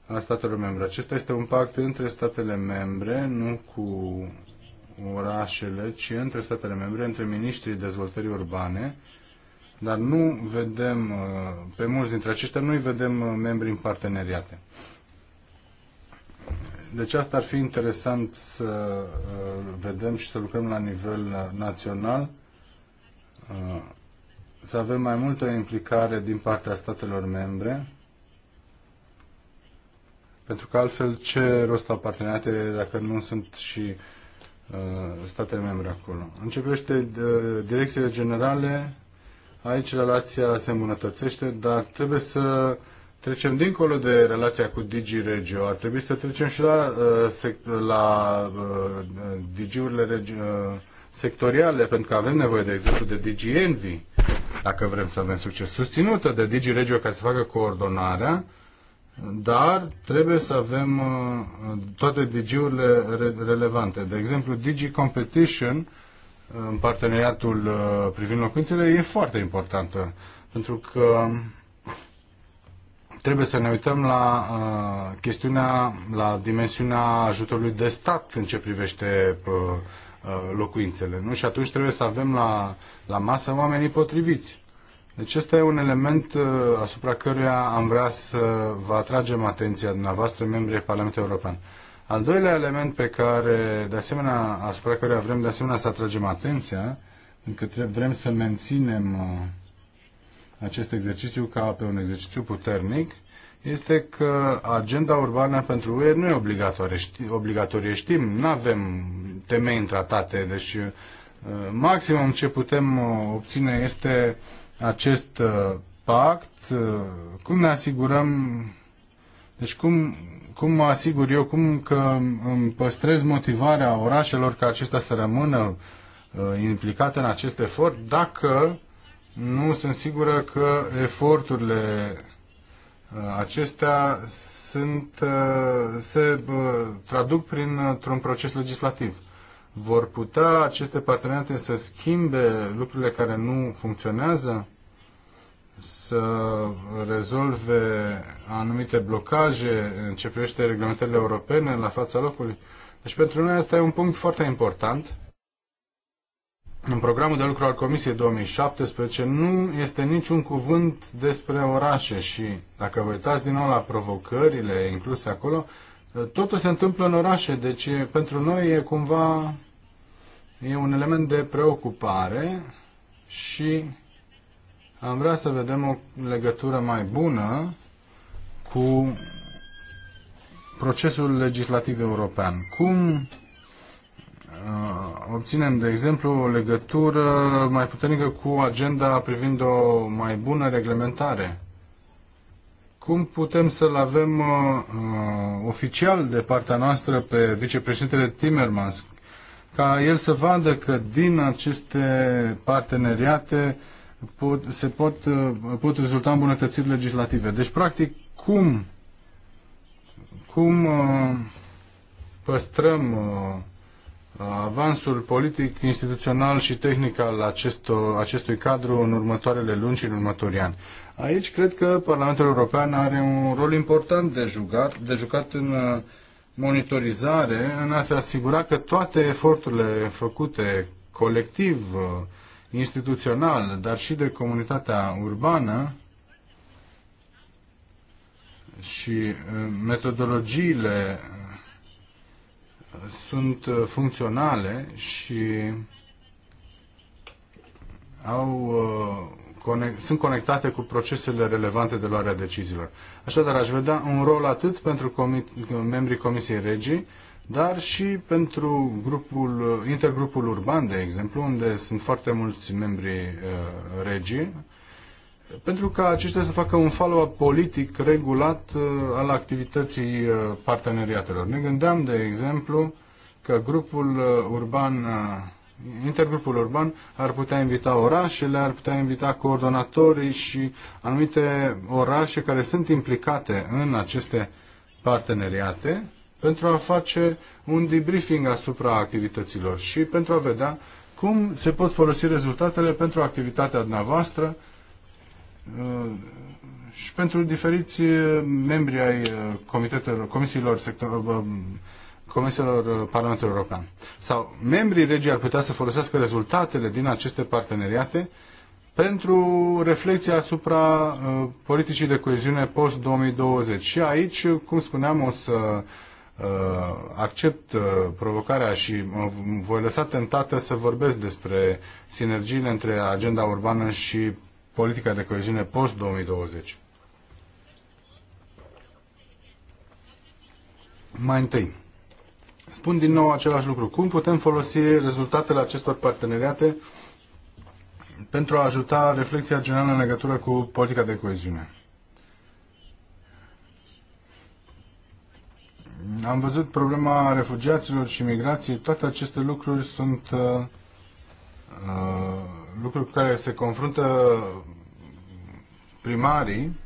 a statelor membre. Acesta este un pact între statele membre, nu cu orașele, ci între statele membre, între ministrii dezvoltării urbane, dar nu vedem, uh, pe mulți dintre aceștia, nu-i vedem uh, membri în parteneriate. Deci asta ar fi interesant să uh, vedem și să lucrăm la nivel național, să avem mai multă implicare din partea statelor membre, pentru că altfel ce rost au parteneriate dacă nu sunt și uh, state membre acolo? Începește uh, direcțiile generale, aici relația se îmbunătățește, dar trebuie să trecem dincolo de relația cu Digi Regio. Ar trebui să trecem și la, uh, la uh, Digi-urile regi- uh, sectoriale, pentru că avem nevoie, de exemplu, de Digi Envy, dacă vrem să avem succes, susținută de Digi Regio ca să facă coordonarea dar trebuie să avem uh, toate DG-urile relevante. De exemplu, Digi Competition uh, în parteneriatul uh, privind locuințele e foarte importantă, pentru că trebuie să ne uităm la chestiunea, la dimensiunea ajutorului de stat în ce privește locuințele. Nu? Și atunci trebuie să avem la, la masă oamenii potriviți. Deci ăsta e un element uh, asupra căruia am vrea să vă atragem atenția dumneavoastră, membrii Parlamentului European. Al doilea element pe care, de asemenea, asupra căruia vrem de asemenea să atragem atenția, încă vrem să menținem uh, acest exercițiu ca pe un exercițiu puternic, este că agenda urbană pentru UE nu e obligatorie. obligatorie știm, nu avem temei în tratate, deci uh, maximum ce putem obține este acest uh, pact, uh, cum ne asigurăm, deci cum, cum mă asigur eu, cum că îmi păstrez motivarea orașelor ca acestea să rămână uh, implicate în acest efort, dacă nu sunt sigură că eforturile acestea sunt, se traduc printr-un proces legislativ. Vor putea aceste parteneriate să schimbe lucrurile care nu funcționează? să rezolve anumite blocaje în ce privește reglementările europene la fața locului. Deci pentru noi asta e un punct foarte important. În programul de lucru al Comisiei 2017 nu este niciun cuvânt despre orașe și dacă vă uitați din nou la provocările incluse acolo, totul se întâmplă în orașe, deci pentru noi e cumva e un element de preocupare și am vrea să vedem o legătură mai bună cu procesul legislativ european. Cum uh, obținem, de exemplu, o legătură mai puternică cu agenda privind o mai bună reglementare? Cum putem să-l avem uh, uh oficial de partea noastră pe vicepreședintele Timmermans, ca el să vadă că din aceste parteneriate uh, pot, se pot, uh, pot rezulta îmbunătățiri legislative. Deci, practic, cum, cum uh, păstrăm uh, avansul politic, instituțional și tehnic al acestor, acestui cadru în următoarele luni și în următorii ani. Aici cred că Parlamentul European are un rol important de jucat, de jucat în monitorizare, în a se asigura că toate eforturile făcute colectiv instituțional, dar și de comunitatea urbană și uh, metodologiile uh, sunt uh, funcționale și au, sunt conectate cu procesele relevante de luarea deciziilor. Așadar, aș vedea un rol atât pentru comi membrii Comisiei Regii, dar și pentru grupul, intergrupul urban, de exemplu, unde sunt foarte mulți membri uh, regii, pentru ca aceștia să facă un follow-up politic regulat uh, al activității uh, parteneriatelor. Ne gândeam, de exemplu, că grupul urban, intergrupul urban ar putea invita orașele, ar putea invita coordonatorii și anumite orașe care sunt implicate în aceste parteneriate pentru a face un debriefing asupra activităților și pentru a vedea cum se pot folosi rezultatele pentru activitatea dumneavoastră uh, și pentru diferiți uh, membri ai uh, comitetelor, comisiilor, um, comisiilor Parlamentului European. Sau membrii regii ar putea să folosească rezultatele din aceste parteneriate pentru reflexia asupra politicii de coeziune post-2020. Și aici, cum spuneam, o să Uh, accept uh, provocarea și mă voi lăsa tentată să vorbesc despre sinergiile între agenda urbană și politica de coeziune post-2020. Mai întâi, spun din nou același lucru. Cum putem folosi rezultatele acestor parteneriate pentru a ajuta reflexia generală în legătură cu politica de coeziune? Am văzut problema refugiaților și migrației. Toate aceste lucruri sunt uh, uh, lucruri cu care se confruntă primarii.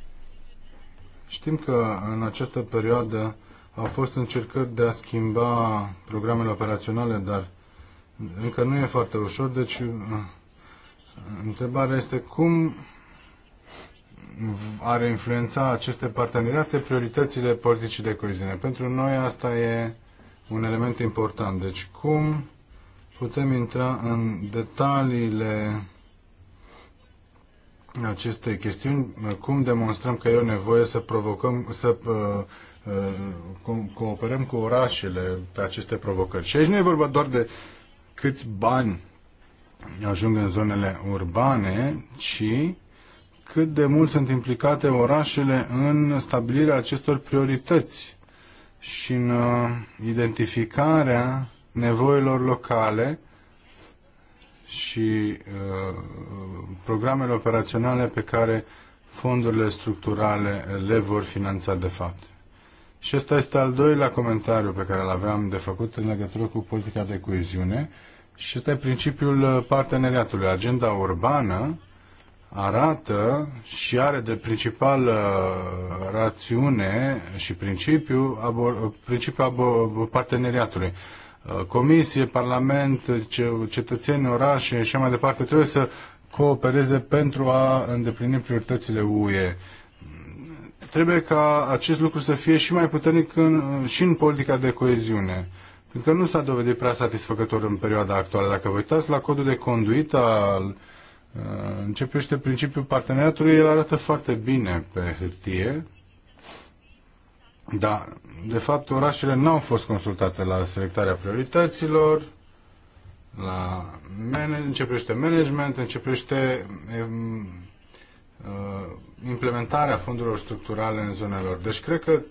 Știm că în această perioadă au fost încercări de a schimba programele operaționale, dar încă nu e foarte ușor. Deci, uh, întrebarea este cum ar influența aceste parteneriate prioritățile politicii de coeziune. Pentru noi asta e un element important. Deci cum putem intra în detaliile acestei chestiuni, cum demonstrăm că e o nevoie să provocăm, să uh, uh, cooperăm cu orașele pe aceste provocări. Și aici nu e vorba doar de câți bani ajung în zonele urbane, ci cât de mult sunt implicate orașele în stabilirea acestor priorități și în uh, identificarea nevoilor locale și uh, programele operaționale pe care fondurile structurale le vor finanța de fapt. Și ăsta este al doilea comentariu pe care îl aveam de făcut în legătură cu politica de coeziune și este principiul uh, parteneriatului. Agenda urbană arată și are de principal rațiune și principiu, abor, principiul abor, parteneriatului. Uh, comisie, Parlament, cetățeni, orașe și mai departe trebuie să coopereze pentru a îndeplini prioritățile UE. Trebuie ca acest lucru să fie și mai puternic în, și în politica de coeziune. Pentru că nu s-a dovedit prea satisfăcător în perioada actuală. Dacă vă uitați la codul de conduită al uh, Uh, începește principiul parteneriatului, el arată foarte bine pe hârtie, dar, de fapt, orașele nu au fost consultate la selectarea priorităților, la manage, începește management, începește uh, implementarea fondurilor structurale în zonelor. Deci, cred că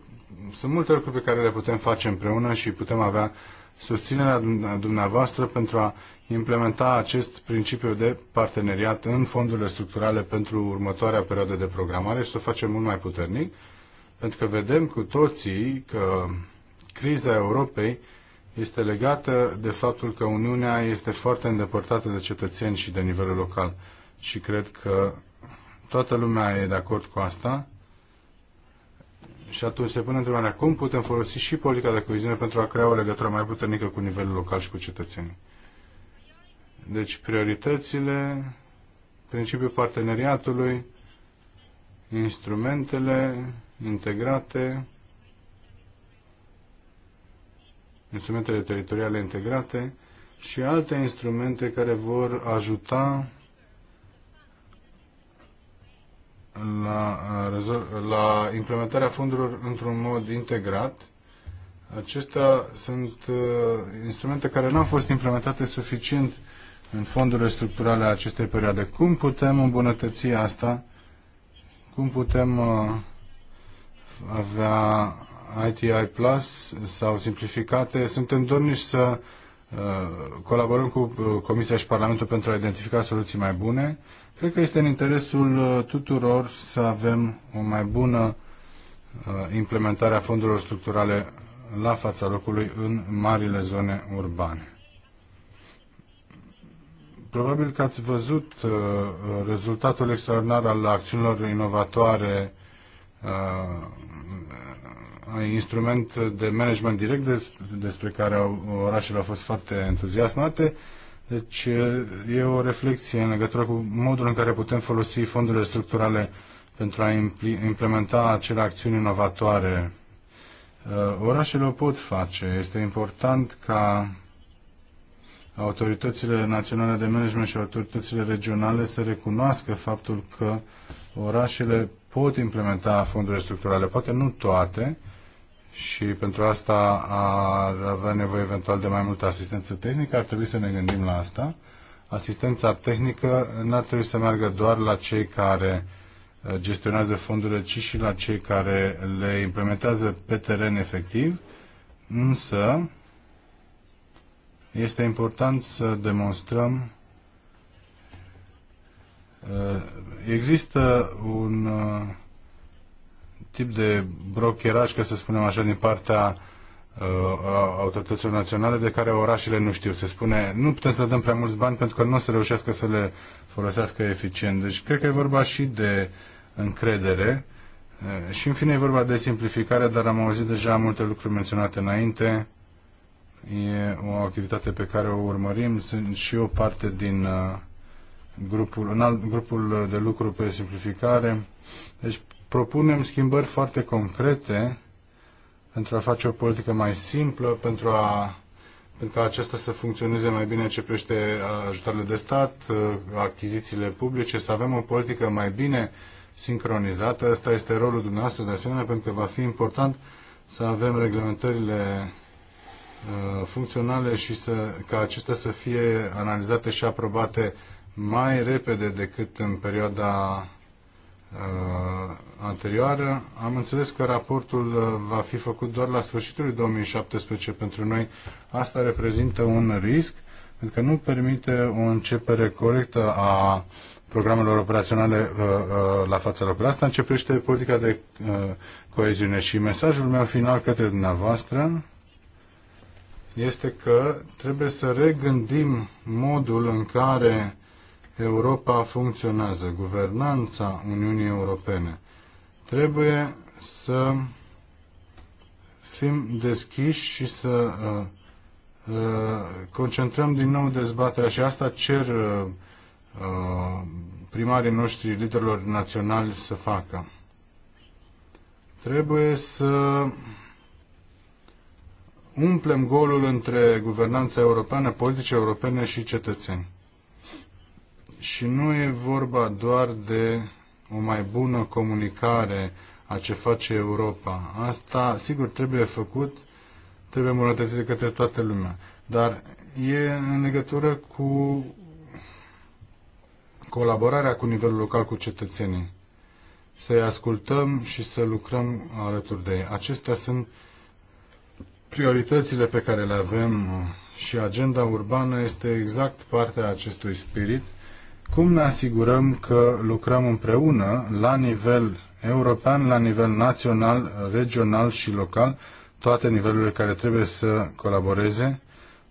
sunt multe lucruri pe care le putem face împreună și putem avea susținerea dumneavoastră pentru a implementa acest principiu de parteneriat în fondurile structurale pentru următoarea perioadă de programare și să o facem mult mai puternic, pentru că vedem cu toții că criza Europei este legată de faptul că Uniunea este foarte îndepărtată de cetățeni și de nivelul local. Și cred că toată lumea e de acord cu asta. Și atunci se pune întrebarea cum putem folosi și politica de coeziune pentru a crea o legătură mai puternică cu nivelul local și cu cetățenii. Deci prioritățile, principiul parteneriatului, instrumentele integrate, instrumentele teritoriale integrate și alte instrumente care vor ajuta la, la implementarea fondurilor într-un mod integrat. Acestea sunt uh, instrumente care nu au fost implementate suficient în fondurile structurale a acestei perioade. Cum putem îmbunătăți asta? Cum putem uh, avea ITI Plus sau simplificate? Suntem dorniși să uh, colaborăm cu uh, Comisia și Parlamentul pentru a identifica soluții mai bune. Cred că este în interesul tuturor să avem o mai bună implementare a fondurilor structurale la fața locului în marile zone urbane. Probabil că ați văzut uh, rezultatul extraordinar al acțiunilor inovatoare uh, instrument de management direct de, despre care au, orașele au fost foarte entuziasmate. Deci uh, e o reflexie în legătură cu modul în care putem folosi fondurile structurale pentru a implementa acele acțiuni inovatoare. Uh, orașele o pot face. Este important ca autoritățile naționale de management și autoritățile regionale să recunoască faptul că orașele pot implementa fondurile structurale, poate nu toate, și pentru asta ar avea nevoie eventual de mai multă asistență tehnică, ar trebui să ne gândim la asta. Asistența tehnică n-ar trebui să meargă doar la cei care uh, gestionează fondurile, ci și la cei care le implementează pe teren efectiv, însă este important să demonstrăm uh, Există un uh, tip de brocheraj, ca să spunem așa, din partea uh, autorităților naționale de care orașele nu știu. Se spune, nu putem să le dăm prea mulți bani pentru că nu o să reușească să le folosească eficient. Deci cred că e vorba și de încredere și în fine e vorba de simplificare, dar am auzit deja multe lucruri menționate înainte E o activitate pe care o urmărim. Sunt și o parte din uh, grupul, în alt, grupul de lucru pe simplificare. Deci propunem schimbări foarte concrete pentru a face o politică mai simplă, pentru a pentru ca acesta să funcționeze mai bine ce privește uh, ajutoarele de stat, uh, achizițiile publice, să avem o politică mai bine sincronizată. Asta este rolul dumneavoastră, de asemenea, pentru că va fi important să avem reglementările Uh, funcționale și să, ca acestea să fie analizate și aprobate mai repede decât în perioada uh, anterioară. Am înțeles că raportul uh, va fi făcut doar la sfârșitul 2017 pentru noi. Asta reprezintă un risc pentru că nu permite o începere corectă a programelor operaționale uh, uh, la fața locului. Asta începește politica de uh, coeziune și mesajul meu final către dumneavoastră este că trebuie să regândim modul în care Europa funcționează, guvernanța Uniunii Europene. Trebuie să fim deschiși și să uh, uh, concentrăm din nou dezbaterea și asta cer uh, uh primarii noștri, liderilor naționali să facă. Trebuie să umplem golul între guvernanța europeană, politice europene și cetățeni. Și nu e vorba doar de o mai bună comunicare a ce face Europa. Asta, sigur, trebuie făcut, trebuie îmbunătățit de către toată lumea. Dar e în legătură cu colaborarea cu nivelul local cu cetățenii. Să-i ascultăm și să lucrăm alături de ei. Acestea sunt prioritățile pe care le avem și agenda urbană este exact partea acestui spirit. Cum ne asigurăm că lucrăm împreună la nivel european, la nivel național, regional și local, toate nivelurile care trebuie să colaboreze,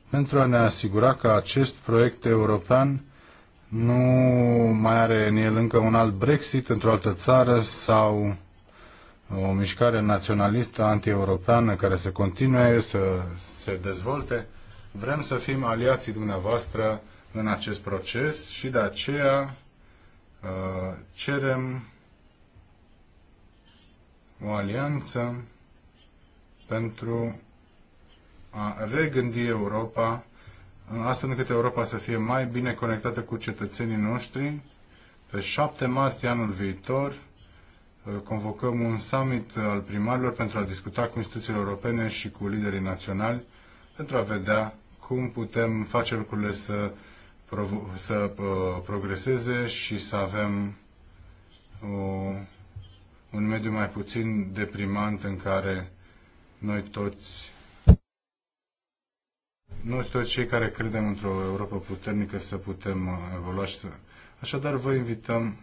pentru a ne asigura că acest proiect european nu mai are în el încă un alt Brexit într-o altă țară sau o mișcare naționalistă anti-europeană care se continue să se dezvolte. Vrem să fim aliații dumneavoastră în acest proces și de aceea uh, cerem o alianță pentru a regândi Europa, astfel încât Europa să fie mai bine conectată cu cetățenii noștri. Pe 7 martie anul viitor, Uh, convocăm un summit uh, al primarilor pentru a discuta cu instituțiile europene și cu liderii naționali pentru a vedea cum putem face lucrurile să, să uh, progreseze și să avem o, un mediu mai puțin deprimant în care noi toți noi toți cei care credem într-o Europa puternică să putem evolua și să... Așadar, vă invităm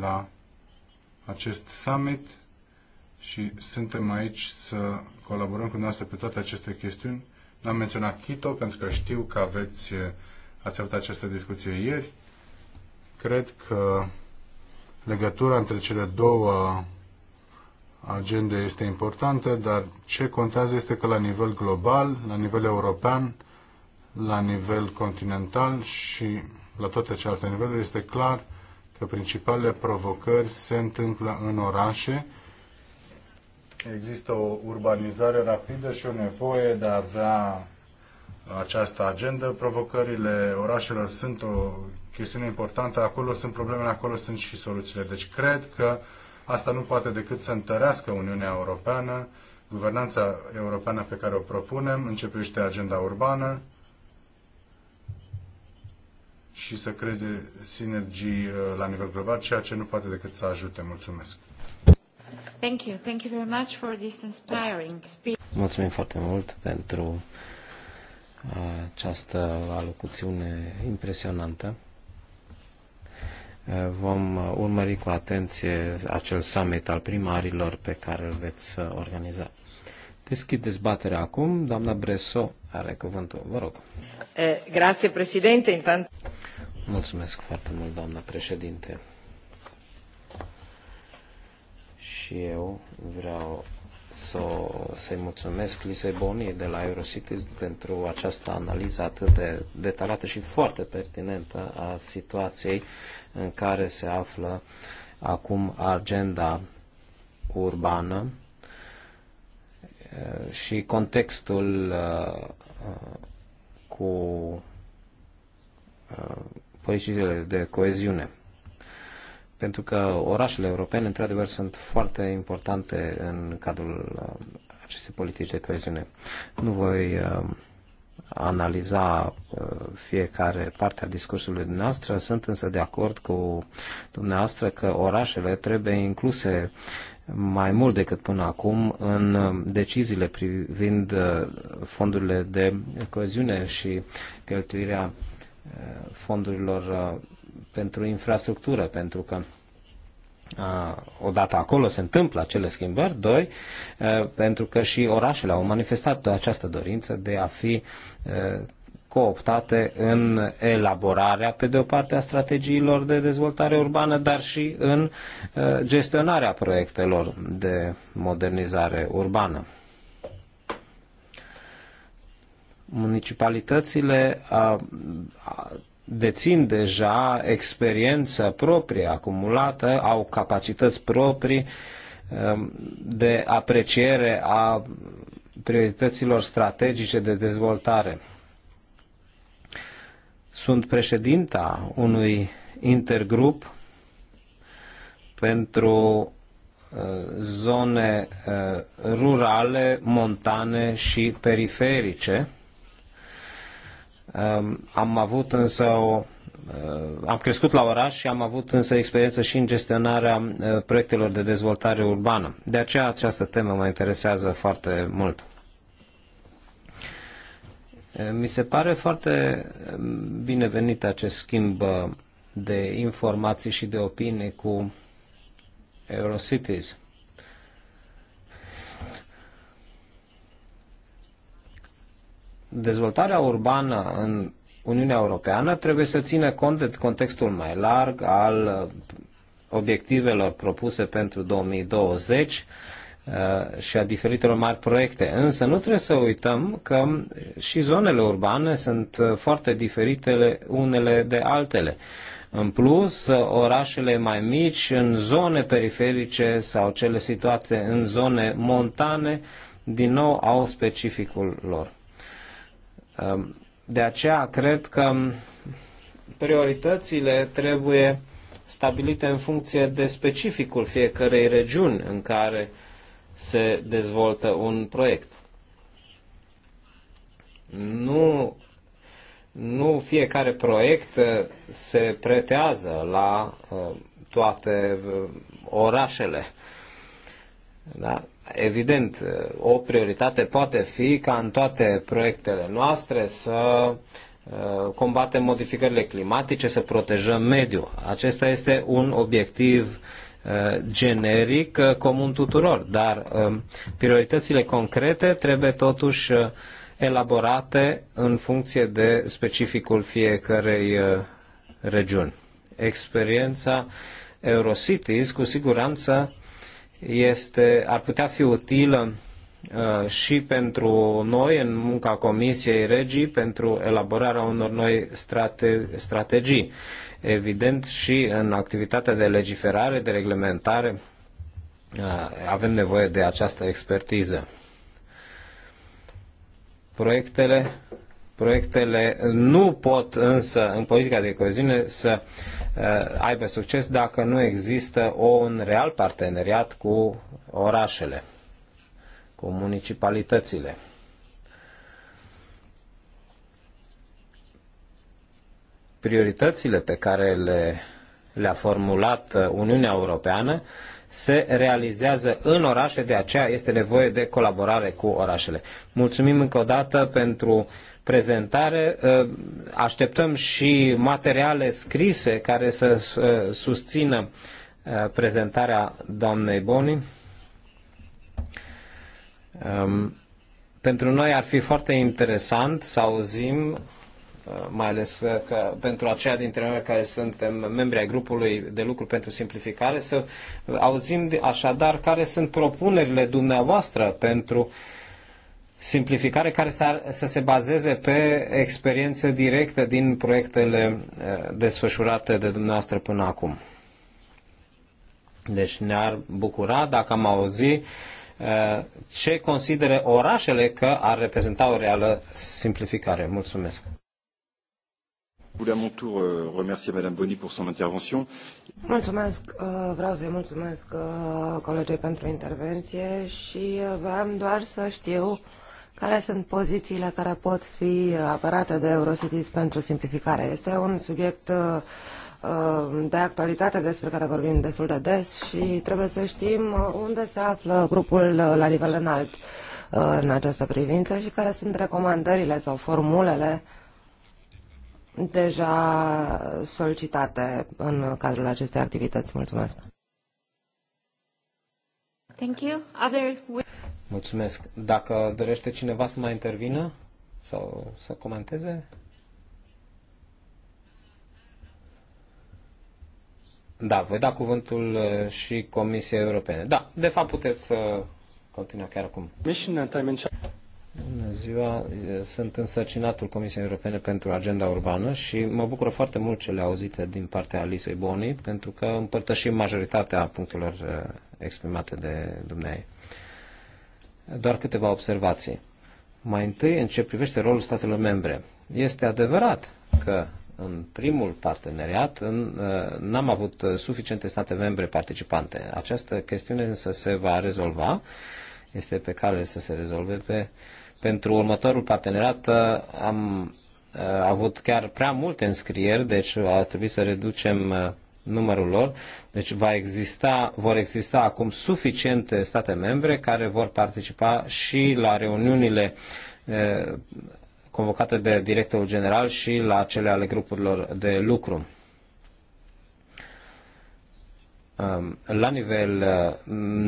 la acest summit și suntem aici să colaborăm cu dumneavoastră pe toate aceste chestiuni. N-am menționat Kito pentru că știu că aveți, ați avut această discuție ieri. Cred că legătura între cele două agende este importantă, dar ce contează este că la nivel global, la nivel european, la nivel continental și la toate celelalte niveluri este clar că principalele provocări se întâmplă în orașe. Există o urbanizare rapidă și o nevoie de a avea această agendă. Provocările orașelor sunt o chestiune importantă, acolo sunt problemele, acolo sunt și soluțiile. Deci cred că asta nu poate decât să întărească Uniunea Europeană, guvernanța europeană pe care o propunem, începește agenda urbană, și să creeze sinergii uh, la nivel global, ceea ce nu poate decât să ajute. Mulțumesc! Thank you. Thank you very much for this inspiring speech. Mulțumim foarte mult pentru uh, această alocuțiune impresionantă. Uh, vom urmări cu atenție acel summit al primarilor pe care îl veți organiza. Deschid dezbaterea acum. Doamna Breso are cuvântul. Vă rog. Eh, Grație, președinte. Mulțumesc foarte mult, doamna președinte. Și eu vreau să, să-i mulțumesc Lisei Boni de la Eurocities pentru această analiză atât de detaliată și foarte pertinentă a situației în care se află acum agenda urbană Eh, și contextul eh, cu eh, politicile de coeziune. Pentru că orașele europene, într-adevăr, sunt foarte importante în cadrul acestei politici de coeziune. Nu voi analiza fiecare parte a discursului dumneavoastră, sunt însă de acord cu dumneavoastră că orașele trebuie incluse mai mult decât până acum în um, deciziile privind uh, fondurile de coeziune și cheltuirea uh, fondurilor uh, pentru infrastructură, pentru că odată acolo se întâmplă acele schimbări, doi, pentru că și orașele au manifestat această dorință de a fi cooptate în elaborarea, pe de o parte, a strategiilor de dezvoltare urbană, dar și în uh, gestionarea proiectelor de modernizare urbană. Municipalitățile uh, dețin deja experiență proprie acumulată, au capacități proprii um, de apreciere a priorităților strategice de dezvoltare sunt președinta unui intergrup pentru uh, zone uh, rurale, montane și periferice. Um, am avut însă o uh, am crescut la oraș și am avut însă experiență și în gestionarea proiectelor de dezvoltare urbană. De aceea această temă mă interesează foarte mult. Mi se pare foarte binevenit acest schimb uh, de informații și de opinii cu Eurocities. Dezvoltarea urbană în Uniunea Europeană trebuie să țină cont de contextul mai larg al uh, obiectivelor propuse pentru 2020, Uh, și a diferitelor mari proiecte. Însă nu trebuie să uităm că și zonele urbane sunt uh, foarte diferite unele de altele. În plus, uh, orașele mai mici, în zone periferice sau cele situate în zone montane, din nou au specificul lor. De aceea cred că prioritățile trebuie stabilite în funcție de specificul fiecărei regiuni în care se dezvoltă un proiect. Nu, nu fiecare proiect uh, se pretează la uh, toate uh, orașele. Da? Evident, o prioritate poate fi ca în toate proiectele noastre să combatem modificările climatice, să protejăm mediul. Acesta este un obiectiv uh, Uh, generic uh, comun tuturor, dar um, prioritățile concrete trebuie totuși uh, elaborate în funcție de specificul fiecărei regiuni. Experiența Eurocities cu siguranță este, ar putea fi utilă și pentru noi în munca Comisiei Regii pentru elaborarea unor noi strate, strategii evident și în activitatea de legiferare, de reglementare, avem nevoie de această expertiză. Proiectele Proiectele nu pot însă în politica de coeziune să aibă succes dacă nu există o, un real parteneriat cu orașele, cu municipalitățile. prioritățile pe care le, le-a formulat uh, Uniunea Europeană se realizează în orașe, de aceea este nevoie de colaborare cu orașele. Mulțumim încă o dată pentru prezentare. Uh, așteptăm și materiale scrise care să uh, susțină prezentarea doamnei Boni. Um, pentru noi ar fi foarte interesant să auzim Uh, mai ales uh, că pentru aceia dintre noi care suntem membri ai grupului de lucru pentru simplificare, să auzim așadar care sunt propunerile dumneavoastră pentru simplificare care să se bazeze pe experiențe directe din proiectele uh, desfășurate de dumneavoastră până acum. Deci ne-ar bucura dacă am auzi ce consideră orașele că ar reprezenta o reală simplificare. Mulțumesc! Voulais à mon tour euh, remercier Madame Boni pour son intervention. Mulțumesc, uh, vreau să-i mulțumesc uh, colegii pentru intervenție și uh, vreau doar să știu care sunt pozițiile care pot fi apărate de Eurocities pentru simplificare. Este un subiect de actualitate despre care vorbim destul de des și trebuie să știm unde se află grupul la nivel înalt în această privință și care sunt recomandările sau formulele uh, deja solicitate în cadrul acestei activități. Mulțumesc! Thank you. Other... Mulțumesc. Dacă dorește cineva să mai intervină sau să comenteze? Da, voi da cuvântul uh, și Comisiei Europene. Da, de fapt puteți să continua chiar acum. Bună ziua, sunt însărcinatul Comisiei Europene pentru Agenda Urbană și mă bucură foarte mult cele auzite din partea Alisei Boni, pentru că împărtășim majoritatea punctelor uh, exprimate de dumneai. Doar câteva observații. Mai întâi, în ce privește rolul statelor membre. Este adevărat că în primul parteneriat uh, n-am avut suficiente state membre participante. Această chestiune însă se va rezolva, este pe care să se rezolve pe pentru următorul partenerat uh, am uh, avut chiar prea multe înscrieri, deci a trebuit să reducem uh, numărul lor. Deci va exista, vor exista acum suficiente state membre care vor participa și la reuniunile convocate de directorul general și la cele ale grupurilor de lucru. Um, la nivel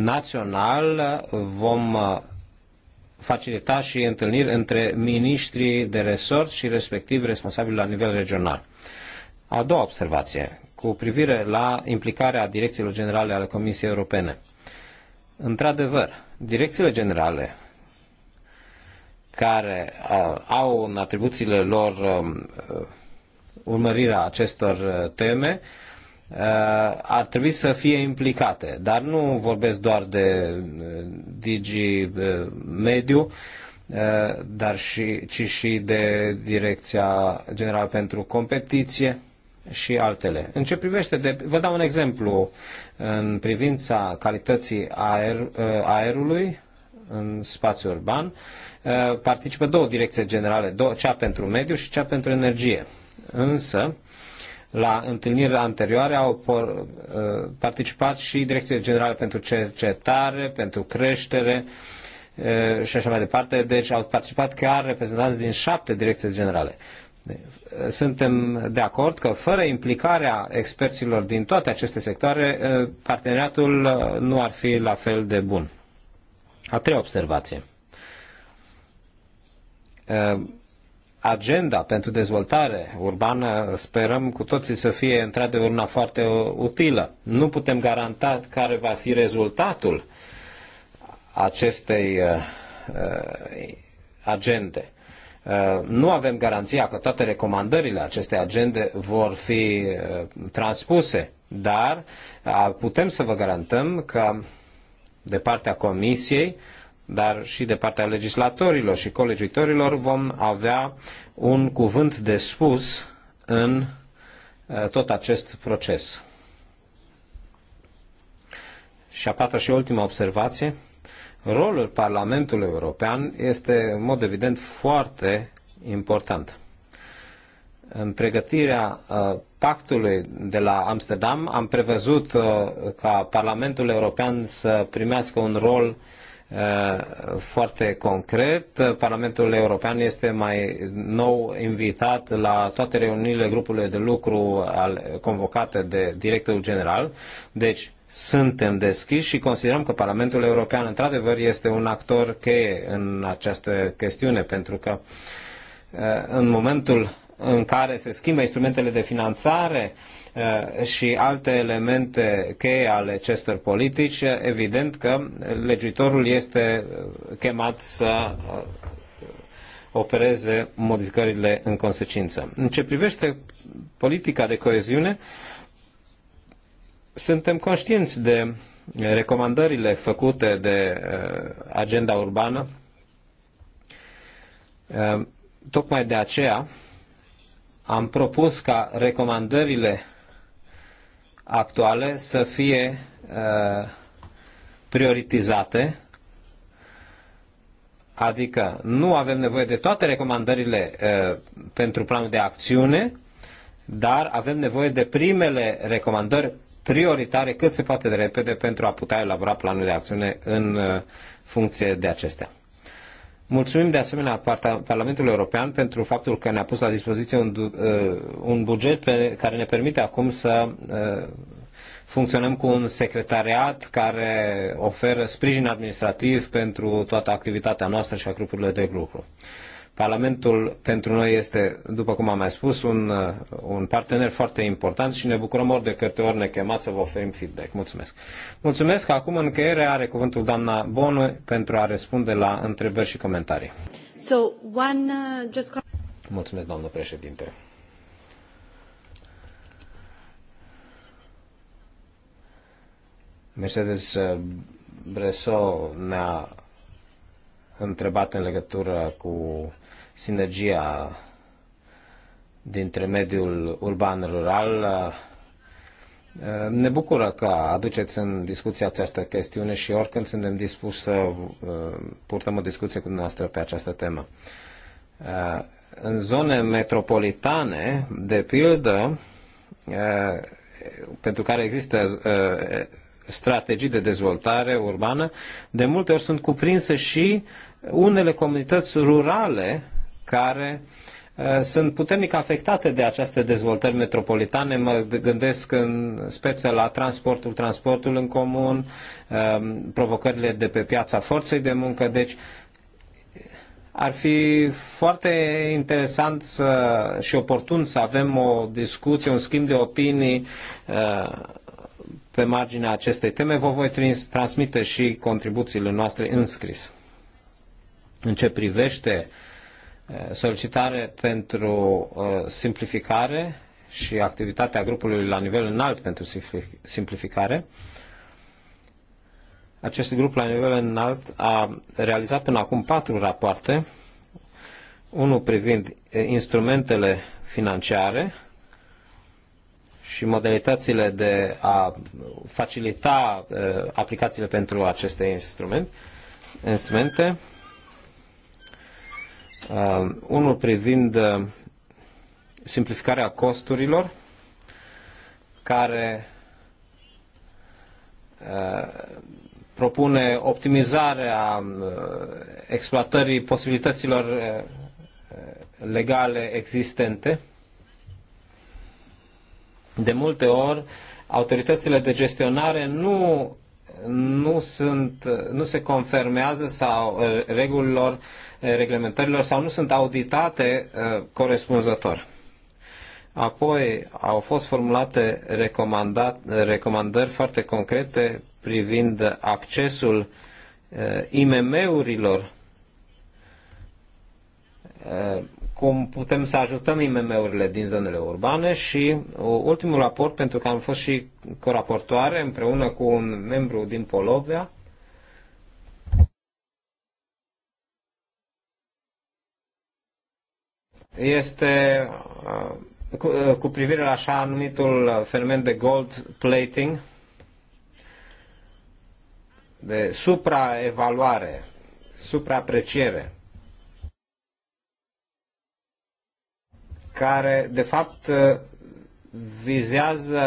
național vom facilita și întâlniri între miniștrii de resort și respectiv responsabili la nivel regional. A doua observație, cu privire la implicarea direcțiilor generale ale Comisiei Europene. Într-adevăr, direcțiile generale care uh, au în atribuțiile lor um, uh, urmărirea acestor uh, teme uh, Uh, ar trebui să fie implicate. Dar nu vorbesc doar de uh, Digi uh, Mediu, dar și, ci și de Direcția Generală pentru Competiție și altele. În ce privește, de, vă dau un exemplu, în privința calității aer, aerului în spațiu urban, participă două direcții generale, cea pentru mediu și cea pentru energie. Însă, la întâlnirile anterioare au uh, participat și Direcția Generală pentru Cercetare, pentru Creștere uh, și așa mai departe, deci au participat chiar reprezentanți din șapte direcții generale. Suntem de acord că fără implicarea experților din toate aceste sectoare, uh, parteneriatul nu ar fi la fel de bun. A treia observație agenda pentru dezvoltare urbană sperăm cu toții să fie într-adevăr una foarte utilă. Nu putem garanta care va fi rezultatul acestei uh, uh, agende. Uh, nu avem garanția că toate recomandările acestei agende vor fi transpuse, dar putem să vă garantăm că de partea Comisiei dar și de partea legislatorilor și colegiuitorilor vom avea un cuvânt de spus în uh, tot acest proces. Și a patra și ultima observație, rolul Parlamentului European este, în mod evident, foarte important. În pregătirea uh, pactului de la Amsterdam am prevăzut uh, ca Parlamentul European să primească un rol uh, Uh, foarte concret. Parlamentul European este mai nou invitat la toate reuniunile grupurilor de lucru al, convocate de directorul general. Deci suntem deschiși și considerăm că Parlamentul European într-adevăr este un actor cheie în această chestiune pentru că uh, în momentul în care se schimbă instrumentele de finanțare uh, și alte elemente cheie ale acestor politici, evident că legiuitorul este uh, chemat să uh, opereze modificările în consecință. În ce privește politica de coeziune, suntem conștienți de recomandările făcute de agenda urbană. Tocmai de aceea, am propus ca recomandările actuale să fie uh, prioritizate, adică nu avem nevoie de toate recomandările uh, pentru planul de acțiune, dar avem nevoie de primele recomandări prioritare cât se poate de repede pentru a putea elabora planul de acțiune în uh, funcție de acestea. Mulțumim de asemenea Parlamentului European pentru faptul că ne-a pus la dispoziție un, uh, un buget pe care ne permite acum să uh, funcționăm cu un secretariat care oferă sprijin administrativ pentru toată activitatea noastră și a grupurilor de lucru. Parlamentul pentru noi este, după cum am mai spus, un, un partener foarte important și ne bucurăm ori de câte ori ne chemați să vă oferim feedback. Mulțumesc. Mulțumesc. Acum în încheiere are cuvântul doamna Bonu pentru a răspunde la întrebări și comentarii. So, one, uh, just... Mulțumesc, doamnă președinte. Mercedes uh, Bresso ne-a întrebat în legătură cu sinergia dintre mediul urban-rural. Uh, ne bucură că aduceți în discuție această chestiune și oricând suntem dispuși să uh, purtăm o discuție cu dumneavoastră pe această temă. Uh, în zone metropolitane, de pildă, pentru care există strategii de dezvoltare urbană, de multe ori sunt cuprinse și unele comunități rurale care uh, sunt puternic afectate de aceste dezvoltări metropolitane. Mă gândesc în speță la transportul, transportul în comun, um, provocările de pe piața forței de muncă. Deci ar fi foarte interesant să, și oportun să avem o discuție, un schimb de opinii uh, pe marginea acestei teme. Vă voi transmite și contribuțiile noastre înscris. În ce privește uh, Eh, solicitare pentru eh, simplificare și activitatea grupului la nivel înalt pentru simplificare. Acest grup la nivel înalt a realizat până acum patru rapoarte, unul privind eh, instrumentele financiare și modalitățile de a facilita aplicațiile pentru aceste instrumente, Uh, unul privind uh, simplificarea costurilor, care uh, propune optimizarea uh, exploatării posibilităților uh, legale existente. De multe ori, autoritățile de gestionare nu nu, sunt, nu se confermează sau uh, regulilor, uh, reglementărilor sau nu sunt auditate uh, corespunzător. Apoi au fost formulate recomandări foarte concrete privind accesul IMM-urilor cum putem să ajutăm IMM-urile din zonele urbane și uh, ultimul raport, pentru că am fost și coraportoare împreună cu un membru din Polovia, este uh, cu, uh, cu privire la așa numitul fenomen de gold plating, de supraevaluare, supraapreciere. care de fapt uh, vizează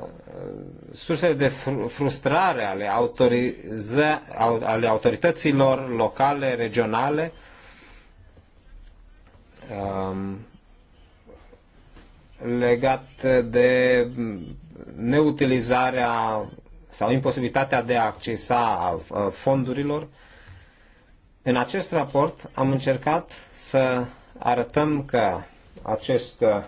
uh, sursele de frustrare ale, autoriză, ale autorităților locale, regionale, um, legat de neutilizarea sau imposibilitatea de a accesa uh, fondurilor. În acest raport am încercat să arătăm că acest uh,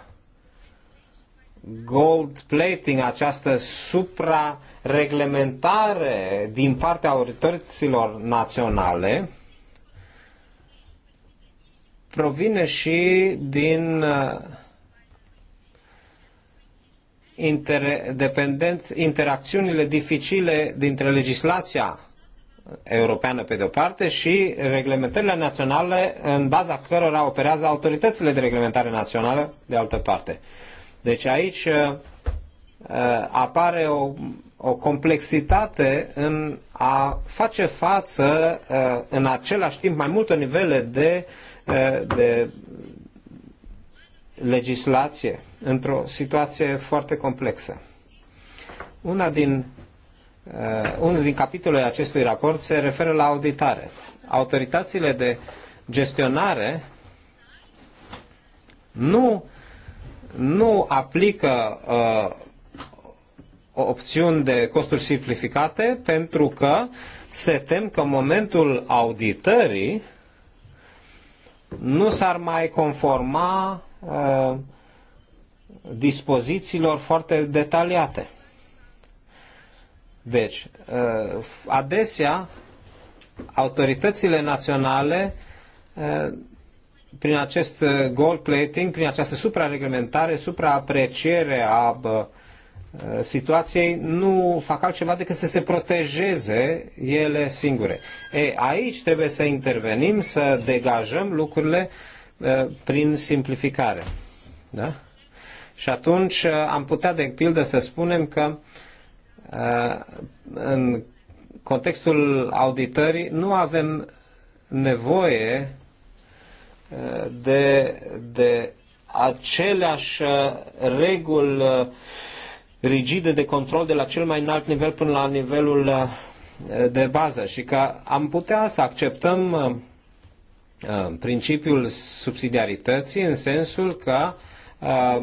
gold plating, această suprareglementare din partea autorităților naționale provine și din uh, inter interacțiunile dificile dintre legislația europeană pe de-o parte și reglementările naționale în baza cărora operează autoritățile de reglementare națională de altă parte. Deci aici uh, uh, apare o, o complexitate în a face față uh, în același timp mai multe nivele de, de legislație într-o situație foarte complexă. Una din Uh, unul din capitolele acestui raport se referă la auditare. Autoritățile de gestionare nu, nu aplică uh, opțiuni de costuri simplificate pentru că se tem că în momentul auditării nu s-ar mai conforma uh, dispozițiilor foarte detaliate. Deci, uh, adesea, autoritățile naționale, uh, prin acest uh, gold plating, prin această suprareglementare, supraapreciere a situației, nu fac altceva decât să se protejeze ele singure. E, aici trebuie să intervenim, să degajăm lucrurile prin simplificare. Da? Și atunci am putea, de pildă, să spunem că uh, Uh, în contextul auditării nu avem nevoie uh, de, de aceleași uh, reguli rigide de control de la cel mai înalt nivel până la nivelul de bază și că am putea să acceptăm principiul subsidiarității în sensul că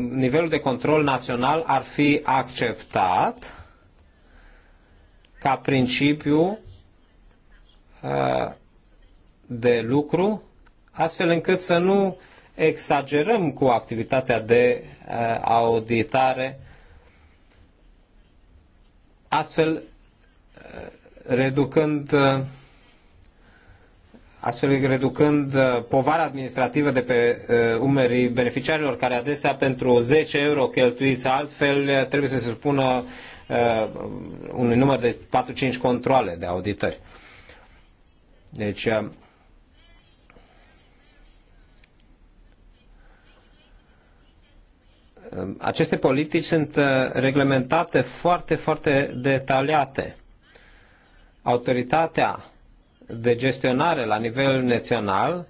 nivelul de control național ar fi acceptat ca principiu uh, de lucru, astfel încât să nu exagerăm cu activitatea de uh, auditare, astfel uh, reducând astfel reducând povara administrativă de pe umerii beneficiarilor care adesea pentru 10 euro cheltuiți altfel trebuie să se supună Uh, unui număr de 4-5 controle de auditări. Deci, uh, aceste politici sunt uh, reglementate foarte, foarte detaliate. Autoritatea de gestionare la nivel național,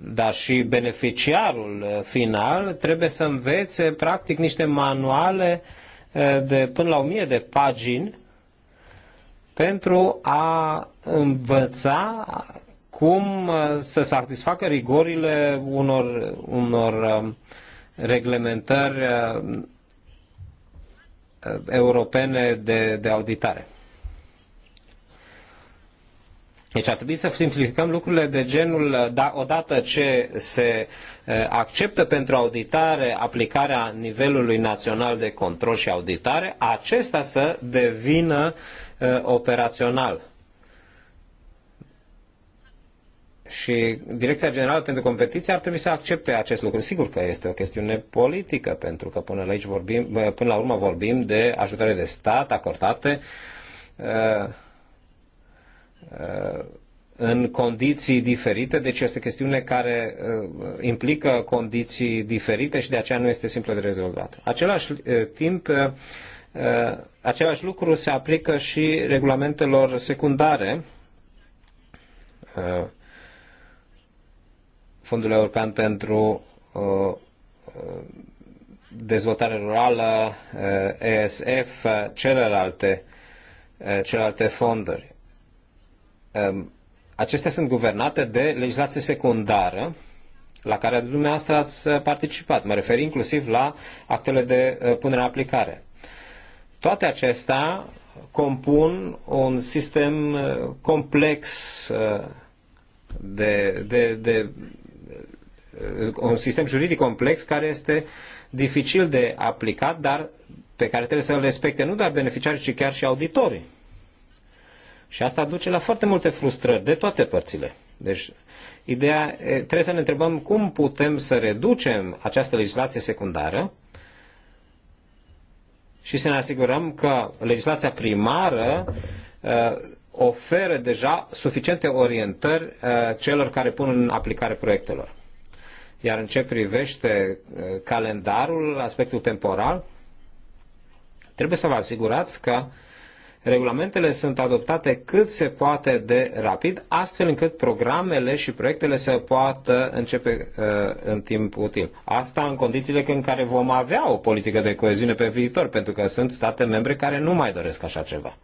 dar și beneficiarul final, trebuie să învețe practic niște manuale uh, Eh, de până la 1000 de pagini pentru a învăța cum eh, să satisfacă rigorile unor, unor eh, reglementări europene de, de auditare. Deci ar trebui să simplificăm lucrurile de genul, da, odată ce se acceptă pentru auditare aplicarea nivelului național de control și auditare, acesta să devină uh, operațional. Și Direcția Generală pentru Competiție ar trebui să accepte acest lucru. Sigur că este o chestiune politică, pentru că până la, aici vorbim, până la urmă vorbim de ajutoare de stat acordate uh, Uh, în condiții diferite, deci este o chestiune care uh, implică condiții diferite și de aceea nu este simplu de rezolvat. Același uh, timp, același lucru se aplică și regulamentelor secundare, Fondul European pentru Dezvoltare Rurală, ESF, celelalte, celelalte fonduri Ehm, acestea sunt guvernate de legislație secundară la care dumneavoastră ați eh, participat. Mă refer inclusiv la actele de eh, punere în aplicare. Toate acestea compun un sistem eh, complex de, de, de un sistem juridic complex care este dificil de aplicat, dar pe care trebuie să îl respecte nu doar beneficiarii, ci chiar și auditorii. Și asta duce la foarte multe frustrări de toate părțile. Deci, ideea, trebuie să ne întrebăm cum putem să reducem această legislație secundară și să ne asigurăm că legislația primară oferă deja suficiente orientări celor care pun în aplicare proiectelor. Iar în ce privește calendarul, aspectul temporal, trebuie să vă asigurați că uh, Regulamentele sunt adoptate cât se poate de rapid, astfel încât programele și proiectele să poată începe uh, în timp util. Asta în condițiile în care vom avea o politică de coeziune pe viitor, pentru că sunt state membre care nu mai doresc așa ceva.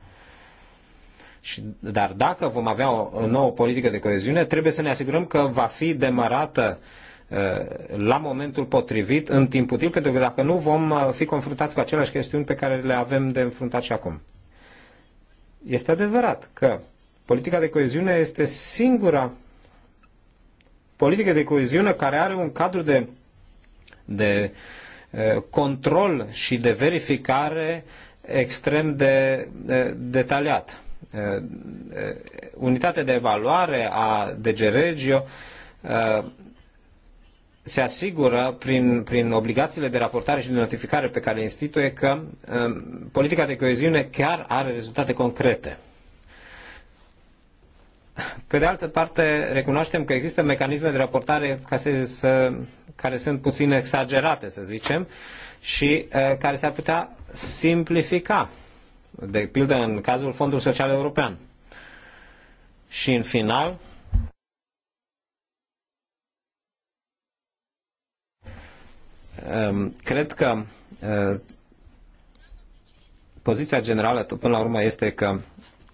Și, dar dacă vom avea o, o nouă politică de coeziune, trebuie să ne asigurăm că va fi demarată uh, la momentul potrivit, în timp util, pentru că dacă nu vom uh, fi confruntați cu aceleași chestiuni pe care le avem de înfruntat și acum. Este adevărat că politica de coeziune este singura politică de coeziune care are un cadru de, de eh, control și de verificare extrem de, detaliat. Eh, eh, Unitatea de evaluare a DG Regio se asigură prin, prin obligațiile de raportare și de notificare pe care le instituie că um, politica de coeziune chiar are rezultate concrete. Pe de altă parte, recunoaștem că există mecanisme de raportare ca să, să, care sunt puțin exagerate, să zicem, și uh, care s-ar putea simplifica, de pildă în cazul Fondului Social European. Și în final, Ehm, cred că eh, poziția generală până la urmă este că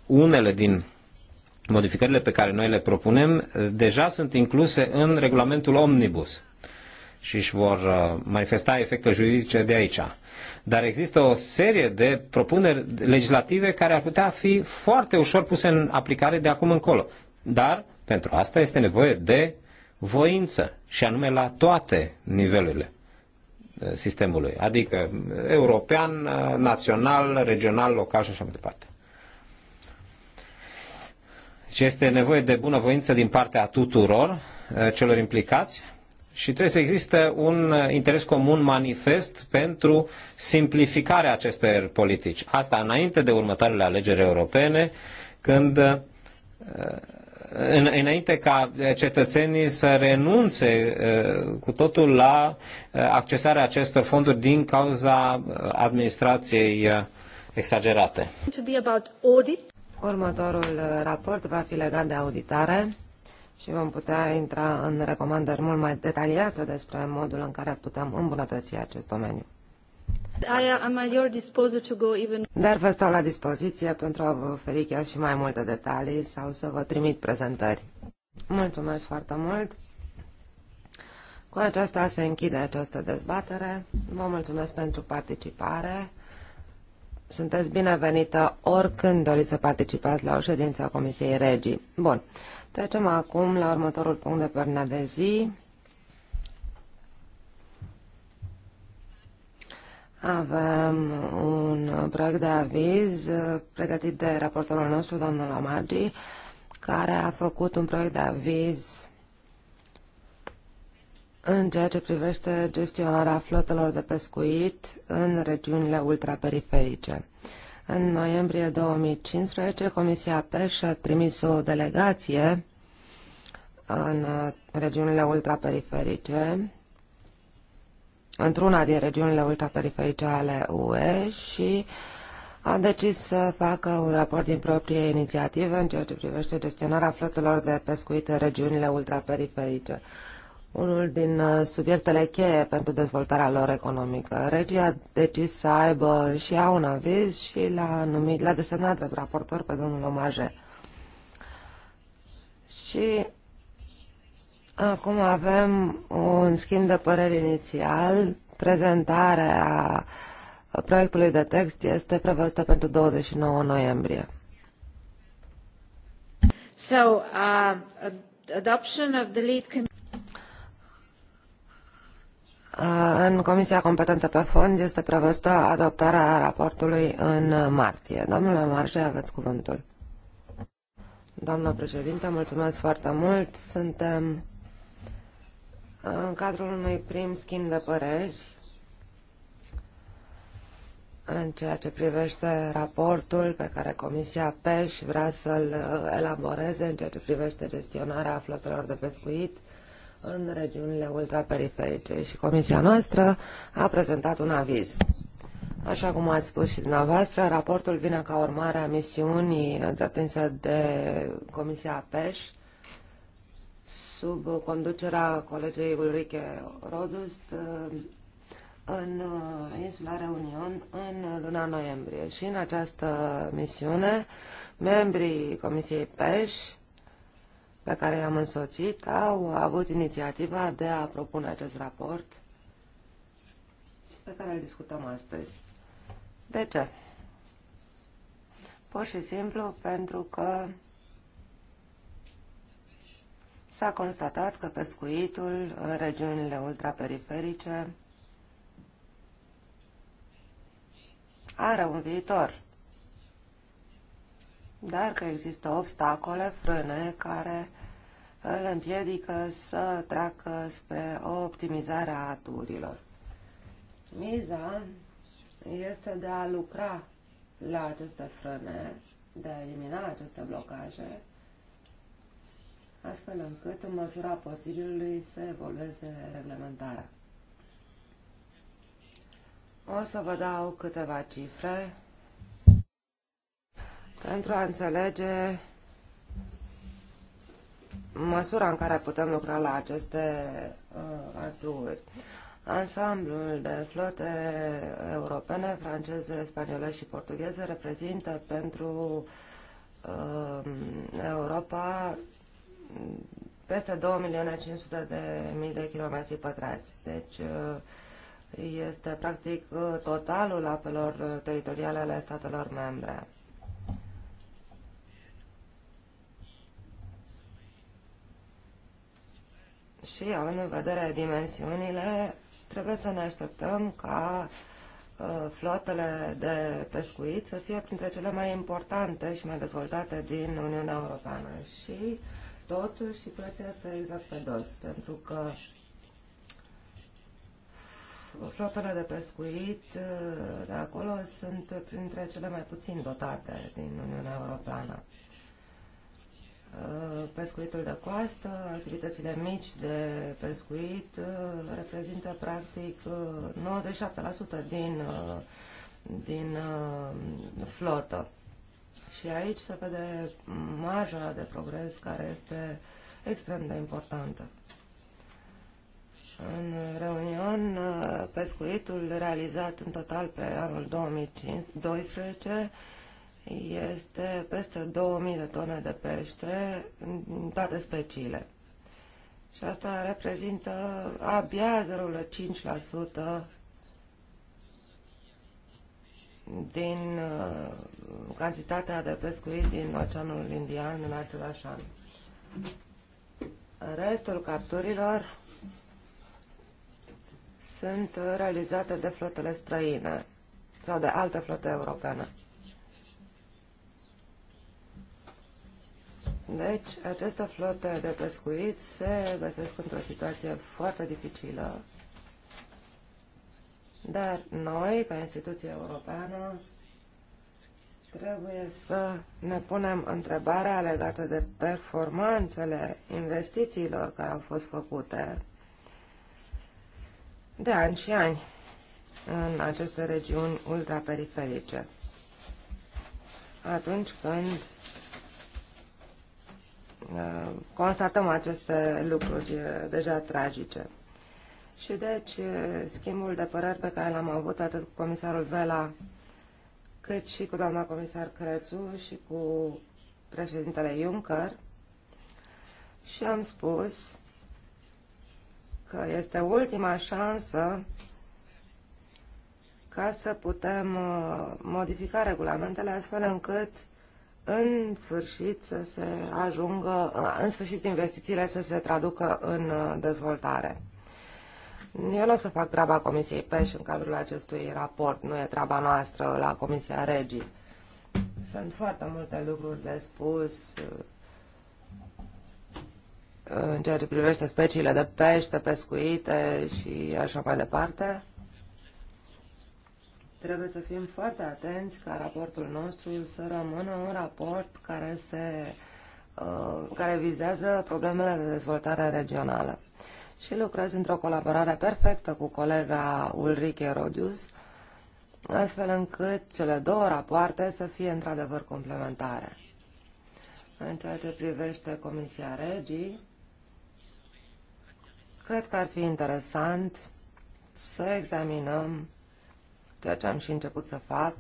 unele din modificările pe care noi le propunem eh, deja sunt incluse în regulamentul Omnibus și își vor eh, manifesta efecte juridice de aici. Dar există o serie de propuneri legislative care ar putea fi foarte ușor puse în aplicare de acum încolo. Dar pentru asta este nevoie de voință și anume la toate nivelurile sistemului, adică european, național, regional, local și așa mai departe. Și deci este nevoie de bunăvoință din partea tuturor eh, celor implicați și trebuie să existe un interes comun manifest pentru simplificarea acestor politici. Asta înainte de următoarele alegeri europene, când eh, în, înainte ca eh, cetățenii să renunțe eh, cu totul la eh, accesarea acestor fonduri din cauza administrației exagerate. Următorul raport va fi legat de auditare și vom putea intra în recomandări mult mai detaliate despre modul în care putem îmbunătăți acest domeniu. Uh, Dar vă stau la dispoziție pentru a vă oferi chiar și mai multe detalii sau să vă trimit prezentări. Mulțumesc foarte mult! Cu aceasta se închide această dezbatere. Vă mulțumesc pentru participare. Sunteți binevenită oricând doriți să participați la o ședință a Comisiei Regii. Bun. Trecem acum la următorul punct de pe de zi. Avem un proiect de aviz pregătit de raportorul nostru, domnul Amagi, care a făcut un proiect de aviz în ceea ce privește gestionarea flotelor de pescuit în regiunile ultraperiferice. În noiembrie 2015, Comisia PEș a trimis o delegație în regiunile ultraperiferice într-una din regiunile ultraperiferice ale UE și a decis să facă un raport din proprie inițiativă în ceea ce privește gestionarea flotelor de pescuit în regiunile ultraperiferice unul din uh, subiectele cheie pentru dezvoltarea lor economică. Regia a decis să aibă și ea un aviz și l-a, numit, l-a desemnat de raportor pe domnul Omaje. Și Acum avem un schimb de păreri inițial. Prezentarea proiectului de text este prevăzută pentru 29 noiembrie. So, uh, adoption of the lead uh, în Comisia competentă pe fond este prevăzută adoptarea raportului în martie. Domnule Marge, aveți cuvântul. Doamnă președinte, mulțumesc foarte mult. Suntem în cadrul unui prim schimb de păreri în ceea ce privește raportul pe care Comisia PEș vrea să-l uh, elaboreze în ceea ce privește gestionarea flotelor de pescuit în regiunile ultraperiferice și Comisia noastră a prezentat un aviz. Așa cum ați spus și dumneavoastră, raportul vine ca urmare a misiunii întreprinse de Comisia PEș sub conducerea colegei Ulrike Rodust uh, în uh, insula Reunion în luna noiembrie. Și în această misiune, membrii Comisiei PEș, pe care i-am însoțit, au avut inițiativa de a propune acest raport pe care îl discutăm astăzi. De ce? Pur și simplu pentru că S-a constatat că pescuitul în regiunile ultraperiferice are un viitor, dar că există obstacole, frâne, care îl împiedică să treacă spre o optimizare a aturilor. Miza este de a lucra la aceste frâne, de a elimina aceste blocaje, astfel încât, în măsura posibilului, să evolueze reglementarea. O să vă dau câteva cifre pentru a înțelege măsura în care putem lucra la aceste uh, atruri. Ansamblul de flote europene, franceze, spaniole și portugheze reprezintă pentru uh, Europa peste 2 milioane 500 de mii de kilometri pătrați. Deci uh, este practic uh, totalul apelor teritoriale ale statelor membre. Și având în vedere dimensiunile, trebuie să ne așteptăm ca uh, flotele de pescuit să fie printre cele mai importante și mai dezvoltate din Uniunea Europeană. Și uh, și situația este exact pe dos, pentru că flotele de pescuit uh, de acolo sunt printre cele mai puțin dotate din Uniunea Europeană. Uh, pescuitul de coastă, activitățile mici de pescuit uh, reprezintă practic 97% din, din flotă. Și aici se vede marja de progres care este extrem de importantă. În Reunion, pescuitul realizat în total pe anul 2012 este peste 2000 de tone de pește în toate speciile. Și asta reprezintă abia 0,5% din uh, cantitatea de pescuit din Oceanul Indian în același an. Restul capturilor sunt realizate de flotele străine sau de alte flote europene. Deci, aceste flote de pescuit se găsesc într-o situație foarte dificilă dar noi, ca instituție europeană, trebuie să ne punem întrebarea legată de performanțele investițiilor care au fost făcute de ani și ani în aceste regiuni ultraperiferice. Atunci când uh, constatăm aceste lucruri uh, deja tragice. Și deci schimbul de păreri pe care l-am avut atât cu comisarul Vela, cât și cu doamna comisar Crețu și cu președintele Juncker, și am spus că este ultima șansă ca să putem uh, modifica regulamentele astfel încât în sfârșit să se ajungă, uh, în sfârșit investițiile să se traducă în uh, dezvoltare. Eu nu o să fac treaba Comisiei PEș în cadrul acestui raport, nu e treaba noastră la Comisia Regii. Sunt foarte multe lucruri de spus uh, în ceea ce privește speciile de pește, pescuite și așa mai departe. Trebuie să fim foarte atenți ca raportul nostru să rămână un raport care, se, uh, care vizează problemele de dezvoltare regională și lucrez într-o colaborare perfectă cu colega Ulrike Rodius, astfel încât cele două rapoarte să fie într-adevăr complementare. În ceea ce privește Comisia Regii, cred că ar fi interesant să examinăm ceea ce am și început să fac,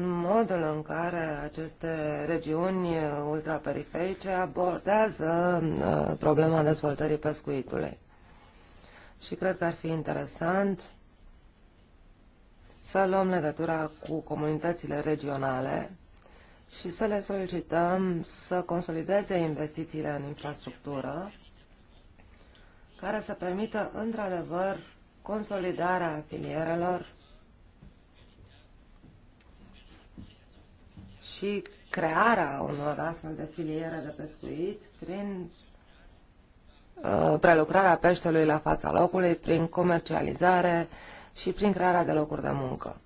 modul în care aceste regiuni ultraperiferice abordează uh, problema dezvoltării pescuitului. Și cred că ar fi interesant să luăm legătura cu comunitățile regionale și să le solicităm să consolideze investițiile în infrastructură care să permită într-adevăr consolidarea filierelor și crearea unor astfel de filiere de pescuit prin uh, prelucrarea peștelui la fața locului, prin comercializare și prin crearea de locuri de muncă.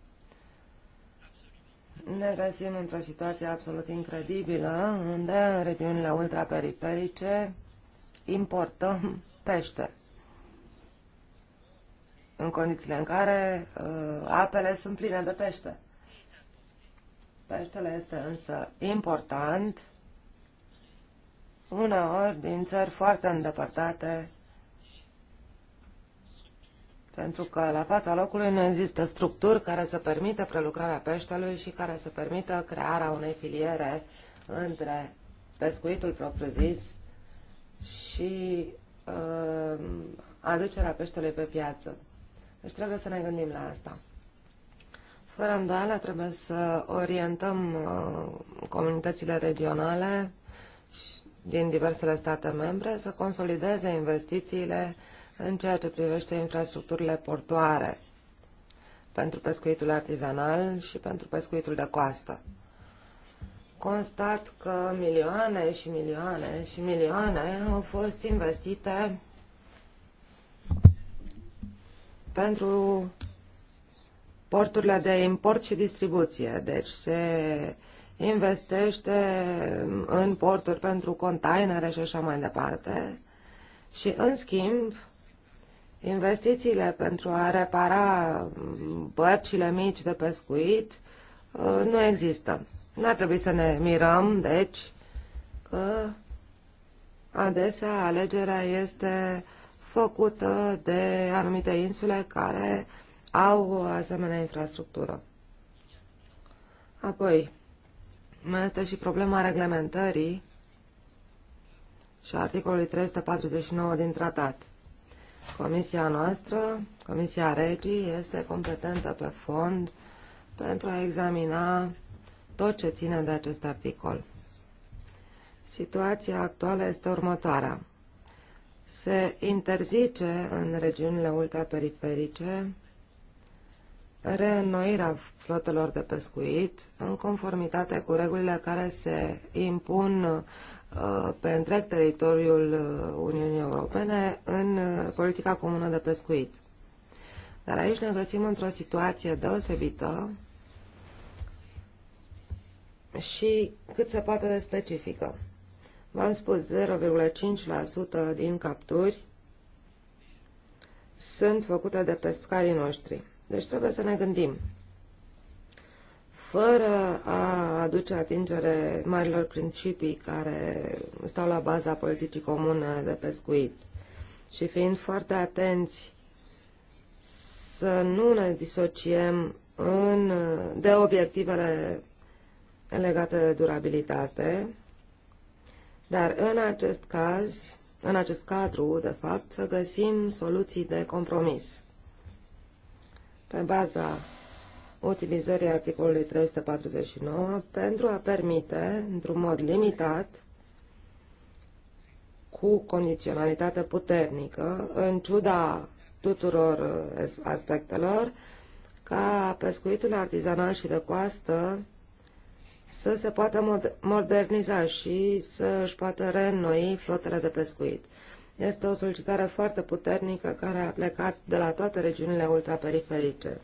Ne găsim într-o situație absolut incredibilă, unde în regiunile ultraperiferice importăm pește, în condițiile în care uh, apele sunt pline de pește. Peștele este însă important uneori din țări foarte îndepărtate pentru că la fața locului nu există structuri care să permită prelucrarea peștelui și care să permită crearea unei filiere între pescuitul propriu-zis și uh, aducerea peștelui pe piață. Deci trebuie să ne gândim la asta. Fără îndoială trebuie să orientăm uh, comunitățile regionale din diversele state membre să consolideze investițiile în ceea ce privește infrastructurile portoare pentru pescuitul artizanal și pentru pescuitul de coastă. Constat că milioane și milioane și milioane au fost investite pentru porturile de import și distribuție. Deci se investește în porturi pentru containere și așa mai departe. Și în schimb, investițiile pentru a repara bărcile mici de pescuit uh, nu există. Nu ar trebui să ne mirăm, deci, că adesea alegerea este făcută de anumite insule care au o asemenea infrastructură. Apoi, mai este și problema reglementării și articolului 349 din tratat. Comisia noastră, Comisia Regii, este competentă pe fond pentru a examina tot ce ține de acest articol. Situația actuală este următoarea. Se interzice în regiunile ultraperiferice reînnoirea flotelor de pescuit în conformitate cu regulile care se impun uh, pe întreg teritoriul uh, Uniunii Europene în uh, politica comună de pescuit. Dar aici ne găsim într-o situație deosebită și cât se poate de specifică. V-am spus 0,5% din capturi sunt făcute de pescarii noștri. Deci trebuie să ne gândim. Fără a aduce atingere marilor principii care stau la baza politicii comune de pescuit și fiind foarte atenți să nu ne disociem în, de obiectivele legate de durabilitate, dar în acest caz, în acest cadru, de fapt, să găsim soluții de compromis pe baza utilizării articolului 349 pentru a permite, într-un mod limitat, cu condiționalitate puternică, în ciuda tuturor uh, aspectelor, ca pescuitul artizanal și de coastă să se poată moderniza și să își poată reînnoi flotele de pescuit. Este o solicitare foarte puternică care a plecat de la toate regiunile ultraperiferice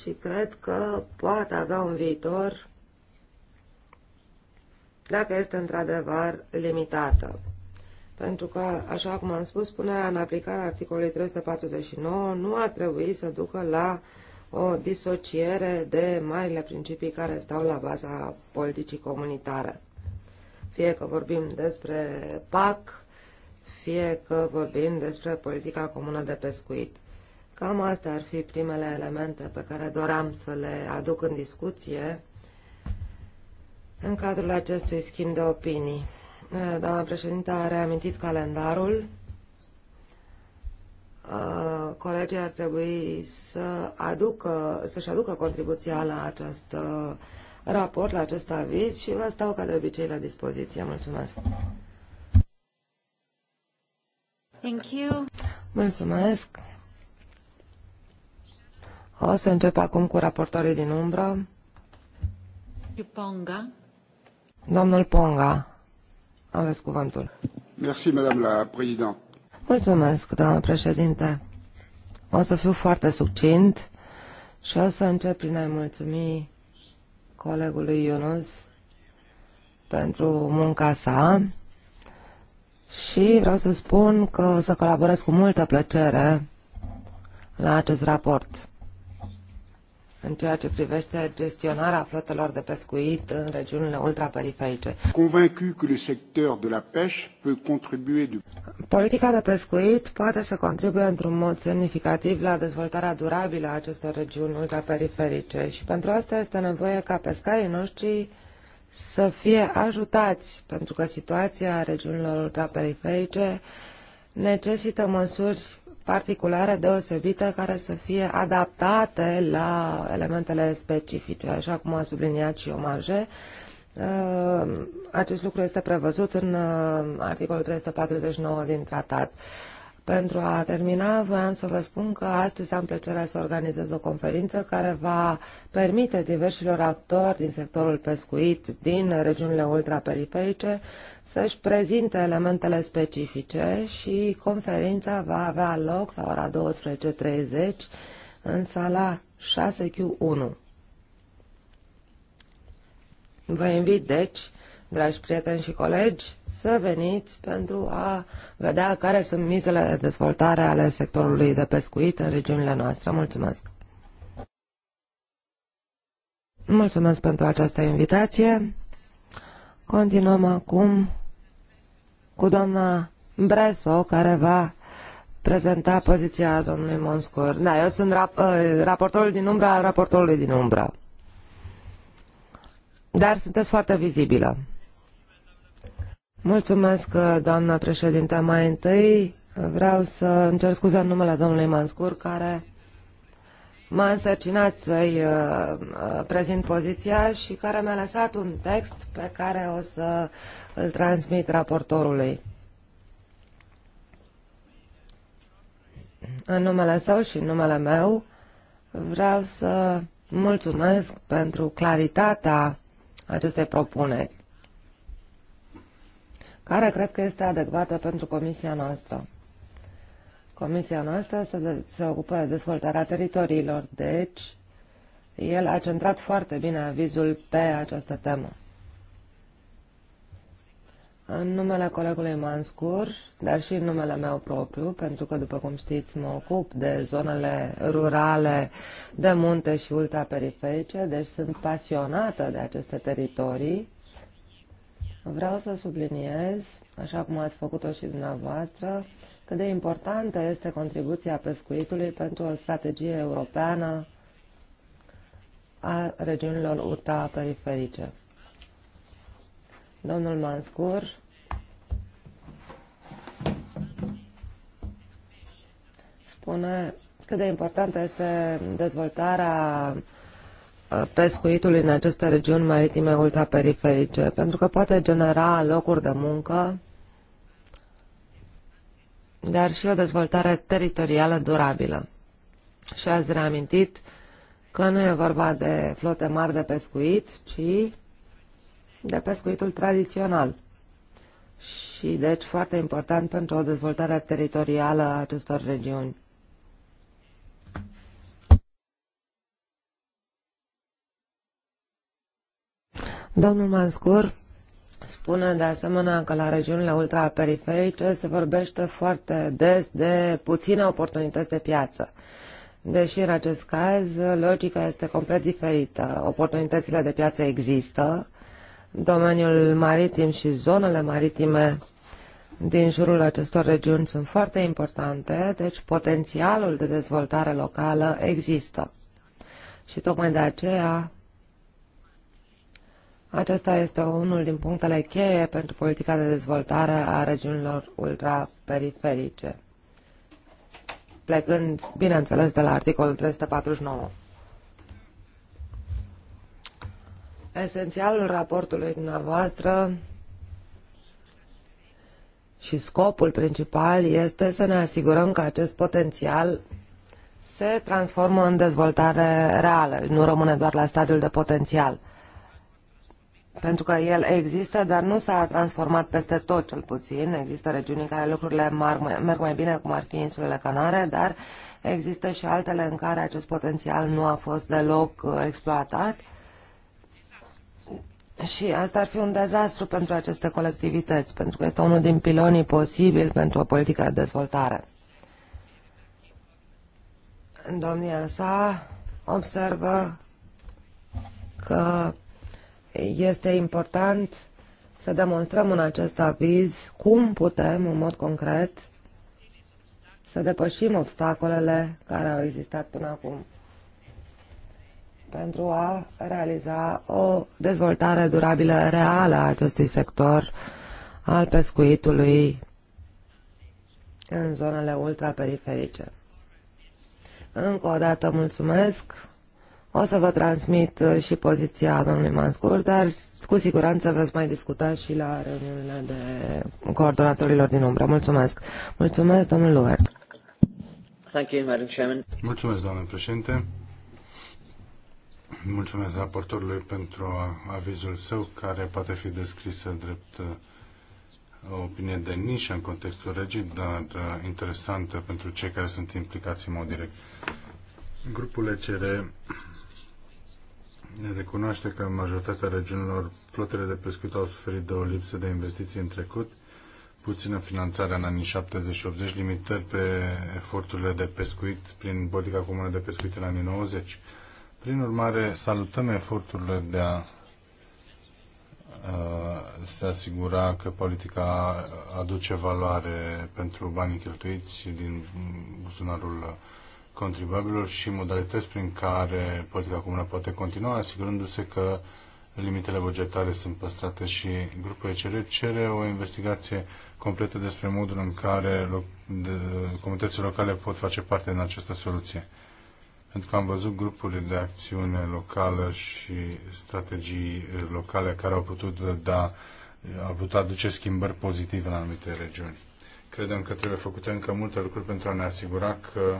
și cred că poate avea un viitor dacă este într-adevăr limitată. Pentru că, așa cum am spus, punerea în aplicare a articolului 349 nu ar trebui să ducă la o disociere de marile principii care stau la baza politicii comunitare. Fie că vorbim despre PAC, fie că vorbim despre politica comună de pescuit. Cam astea ar fi primele elemente pe care doream să le aduc în discuție în cadrul acestui schimb de opinii. Eh, doamna președinte a reamintit calendarul. Eh, colegii ar trebui să aducă, să-și aducă contribuția la acest eh, raport, la acest aviz și vă stau ca de obicei la dispoziție. Mulțumesc! Thank you. Mulțumesc. O să încep acum cu raportorii din umbră. Ponga. Domnul Ponga, aveți cuvântul. Merci, Madame la Présidente. Mulțumesc, doamnă președinte. O să fiu foarte succint și o să încep prin a-i mulțumi colegului Ionus pentru munca sa și vreau să spun că o să colaborez cu multă plăcere la acest raport în ceea ce privește gestionarea flotelor de pescuit în regiunile ultraperiferice. Convaincu că le de la pêche peut de... Politica de pescuit poate să contribuie într-un mod semnificativ la dezvoltarea durabilă a acestor regiuni ultraperiferice și pentru asta este nevoie ca pescarii noștri să fie ajutați, pentru că situația regiunilor ultraperiferice necesită măsuri particulare, deosebite, care să fie adaptate la elementele specifice, așa cum a subliniat și Omarje. Uh, acest lucru este prevăzut în uh, articolul 349 din tratat. Pentru a termina, voiam să vă spun că astăzi am plăcerea să organizez o conferință care va permite diversilor actori din sectorul pescuit din regiunile ultraperiferice să-și prezinte elementele specifice și conferința va avea loc la ora 12.30 în sala 6Q1. Vă invit, deci, dragi prieteni și colegi, să veniți pentru a vedea care sunt mizele de dezvoltare ale sectorului de pescuit în regiunile noastre. Mulțumesc! Mulțumesc pentru această invitație. Continuăm acum cu doamna Breso, care va prezenta poziția domnului Monscor. Da, eu sunt rap ă, raportorul din umbra al raportorului din umbra. Dar sunteți foarte vizibilă. Mulțumesc, uh, doamna președinte. Mai întâi uh, vreau să îmi cer scuze în numele domnului Manscur, care m-a însărcinat să-i uh, prezint poziția și care mi-a lăsat un text pe care o să îl transmit raportorului. În numele său și în numele meu vreau să mulțumesc pentru claritatea acestei propuneri care cred că este adecvată pentru comisia noastră. Comisia noastră se, de, se ocupă de dezvoltarea teritoriilor, deci el a centrat foarte bine avizul pe această temă. În numele colegului Manscur, dar și în numele meu propriu, pentru că, după cum știți, mă ocup de zonele rurale, de munte și ultraperiferice, deci sunt pasionată de aceste teritorii Vreau să subliniez, așa cum ați făcut-o și dumneavoastră, cât de importantă este contribuția pescuitului pentru o strategie europeană a regiunilor UTA periferice. Domnul Manscur spune cât de importantă este dezvoltarea pescuitului în aceste regiuni maritime ultraperiferice, pentru că poate genera locuri de muncă, dar și o dezvoltare teritorială durabilă. Și ați reamintit că nu e vorba de flote mari de pescuit, ci de pescuitul tradițional. Și deci foarte important pentru o dezvoltare teritorială a acestor regiuni. Domnul Manscur spune de asemenea că la regiunile ultraperiferice se vorbește foarte des de puține oportunități de piață. Deși în acest caz logica este complet diferită. Oportunitățile de piață există. Domeniul maritim și zonele maritime din jurul acestor regiuni sunt foarte importante, deci potențialul de dezvoltare locală există. Și tocmai de aceea acesta este unul din punctele cheie pentru politica de dezvoltare a regiunilor ultraperiferice, plecând, bineînțeles, de la articolul 349. Esențialul raportului dumneavoastră și scopul principal este să ne asigurăm că acest potențial se transformă în dezvoltare reală, nu rămâne doar la stadiul de potențial – pentru că el există, dar nu s-a transformat peste tot cel puțin. Există regiuni în care lucrurile mar, merg mai bine, cum ar fi insulele Canare, dar există și altele în care acest potențial nu a fost deloc uh, exploatat. Și asta ar fi un dezastru pentru aceste colectivități, pentru că este unul din pilonii posibili pentru o politică de dezvoltare. Domnia sa observă că este important să demonstrăm în acest aviz cum putem, în mod concret, să depășim obstacolele care au existat până acum pentru a realiza o dezvoltare durabilă reală a acestui sector al pescuitului în zonele ultraperiferice. Încă o dată mulțumesc o să vă transmit uh, și poziția domnului Manscur, dar cu siguranță veți mai discuta și la reuniunile de coordonatorilor din umbră. Mulțumesc. Mulțumesc, domnul Luer. Thank you, Madam Chairman. Mulțumesc, doamnă președinte. Mulțumesc raportorului pentru avizul său, care poate fi descrisă drept uh, o opinie de nișă în contextul regii, dar uh, interesantă pentru cei care sunt implicați în mod direct. Grupul ECR ne recunoaște că majoritatea regiunilor flotele de pescuit au suferit de o lipsă de investiții în trecut, puțină finanțare în anii 70-80, limitări pe eforturile de pescuit prin politica comună de pescuit în anii 90. Prin urmare, salutăm eforturile de a se asigura că politica aduce valoare pentru banii cheltuiți din buzunarul contribuabililor și modalități prin care politica comună poate continua, asigurându-se că limitele bugetare sunt păstrate și grupul ECR cere o investigație completă despre modul în care comunitățile locale pot face parte din această soluție. Pentru că am văzut grupuri de acțiune locală și strategii eh, locale care au putut eh, da, au putut aduce schimbări pozitive în anumite regiuni. Credem că trebuie făcute încă multe lucruri pentru a ne asigura că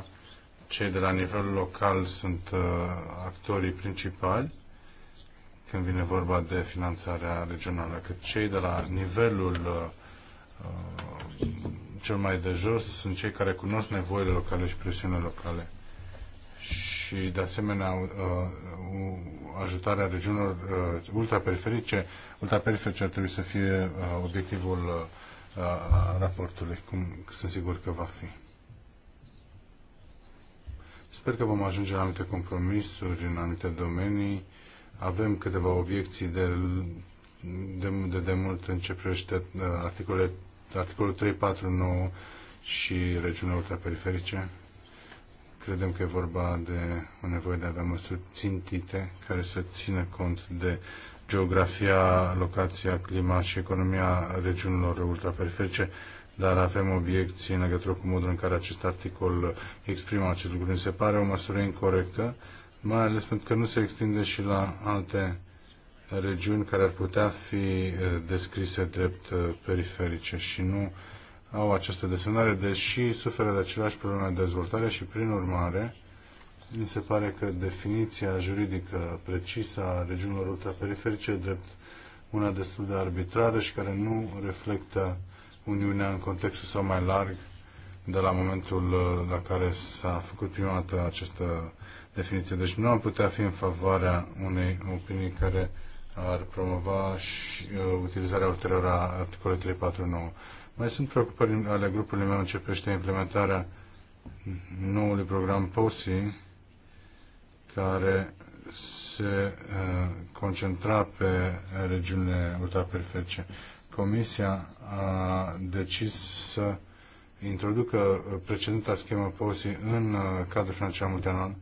cei de la nivel local sunt uh, actorii principali când vine vorba de finanțarea regională, cât cei de la nivelul uh, uh cel mai de jos sunt cei care cunosc nevoile locale și presiunile locale. Și, de asemenea, uh, ajutarea regiunilor uh, ultraperiferice, ultraperiferice ar trebui să fie uh, obiectivul uh, raportului, cum sunt sigur că va fi. Sper că vom ajunge la anumite compromisuri în anumite domenii. Avem câteva obiecții de de, de, de mult în ce privește uh, articole, articolul 3.4.9 și regiunile ultraperiferice. Credem că e vorba de o nevoie de a avea măsuri țintite care să țină cont de geografia, locația, clima și economia regiunilor ultraperiferice dar avem obiecții în legătură cu modul în care acest articol exprimă acest lucru. Mi se pare o măsură incorrectă, mai ales pentru că nu se extinde și la alte regiuni care ar putea fi eh, descrise drept eh, periferice și nu au această desemnare, deși suferă de aceleași probleme de dezvoltare și, prin urmare, mi se pare că definiția juridică precisă a regiunilor ultraperiferice drept una destul de arbitrară și care nu reflectă Uniunea în contextul său mai larg de la momentul uh, la care s-a făcut prima dată această definiție. Deci nu am putea fi în favoarea unei opinii care ar promova și uh, utilizarea ulterioară a articolului 349. Mai sunt preocupări ale grupului meu începește implementarea noului program POSI care se uh, concentra pe regiunile ultraperiferice. Comisia a decis să introducă precedenta schemă POSI în uh, cadrul financiar multianual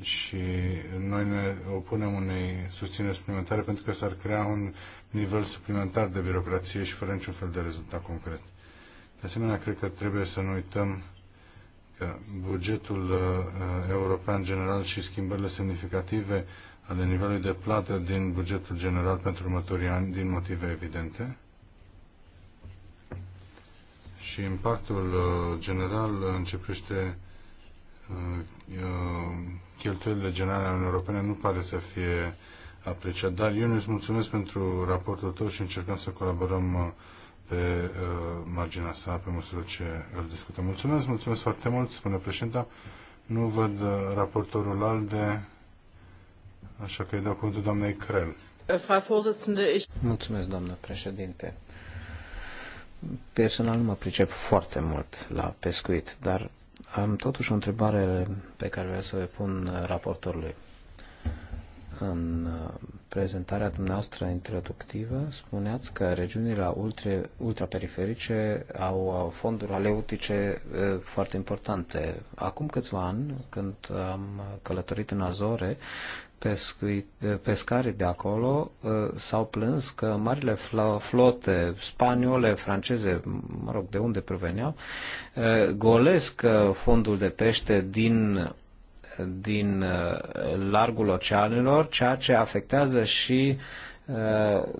și noi ne opunem unei susțineri suplimentare pentru că s-ar crea un nivel suplimentar de birocrație și fără niciun fel de rezultat concret. De asemenea, cred că trebuie să nu uităm că bugetul uh, european general și schimbările semnificative ale nivelului de plată din bugetul general pentru următorii ani, din motive evidente. Și impactul uh, general începește uh, uh, cheltuielile generale ale Uniunii Europene nu pare să fie apreciat. Dar eu îți mulțumesc pentru raportul tău și încercăm să colaborăm pe uh, marginea sa pe măsură ce îl discutăm. Mulțumesc, mulțumesc foarte mult, spune președinta. Nu văd raportorul al de Așa că îi dau cuvântul doamnei Crel. Mulțumesc, doamnă președinte. Personal nu mă pricep foarte mult la pescuit, dar am totuși o întrebare pe care vreau să o pun raportorului. În uh, prezentarea dumneavoastră introductivă spuneați că regiunile ultra, ultraperiferice au fonduri aleutice uh, foarte importante. Acum câțiva ani, când am călătorit în Azore, pescuit, eh, de acolo eh, s-au plâns că marile flote spaniole, franceze, mă rog, de unde proveneau, eh, golesc fondul de pește din din largul oceanelor, ceea ce afectează și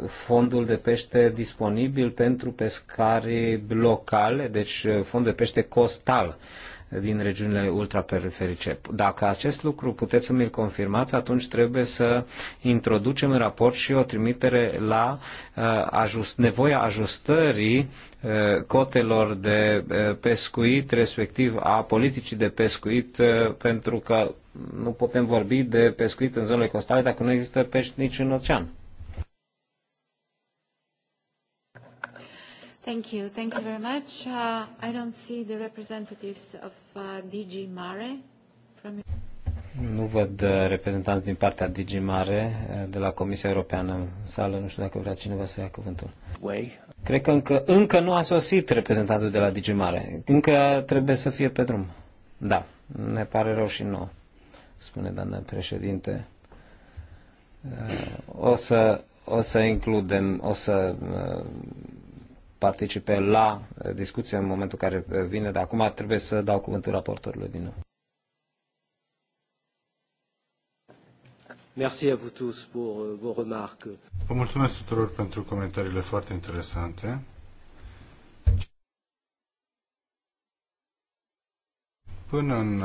fondul de pește disponibil pentru pescari locale, deci fond de pește costal din regiunile ultraperiferice. Dacă acest lucru puteți să mi-l confirmați, atunci trebuie să introducem în raport și o trimitere la uh, ajust, nevoia ajustării uh, cotelor de uh, pescuit, respectiv a politicii de pescuit, pentru că nu putem vorbi de pescuit în zonele costale dacă nu există pești nici în ocean. Thank you. Thank you very much. Uh, I don't see the representatives of uh, DG Mare. From... Nu văd uh, reprezentanți din partea DG Mare uh, de la Comisia Europeană în sală. Nu știu dacă vrea cineva să ia cuvântul. Way. Cred că încă, încă nu a sosit reprezentantul de la DG Mare. Încă trebuie să fie pe drum. Da, ne pare rău și nouă, spune doamna președinte. Uh, o să, o să includem, o să participe la eh, discuție în momentul care eh, vine, dar acum trebuie să dau cuvântul raportorului din nou. Merci à vous tous pour euh, vos remarques. Vă mulțumesc tuturor pentru comentariile foarte interesante. Până în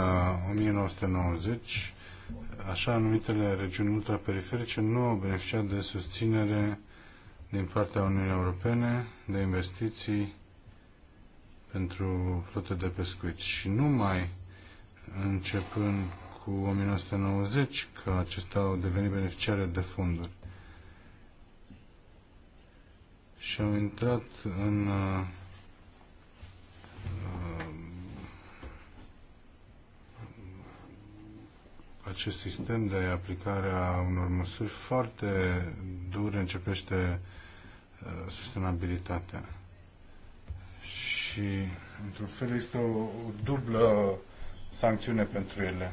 1990, uh, așa numitele regiuni ultraperiferice nu au beneficiat de susținere din partea Uniunii Europene de investiții pentru flotă de pescuit. Și numai începând cu 1990 că acestea au devenit beneficiare de fonduri. Și au intrat în uh, uh acest sistem de aplicare a unor măsuri foarte dure începește Uh, sustenabilitatea. Și, într-un fel, este o, o dublă sancțiune pentru ele.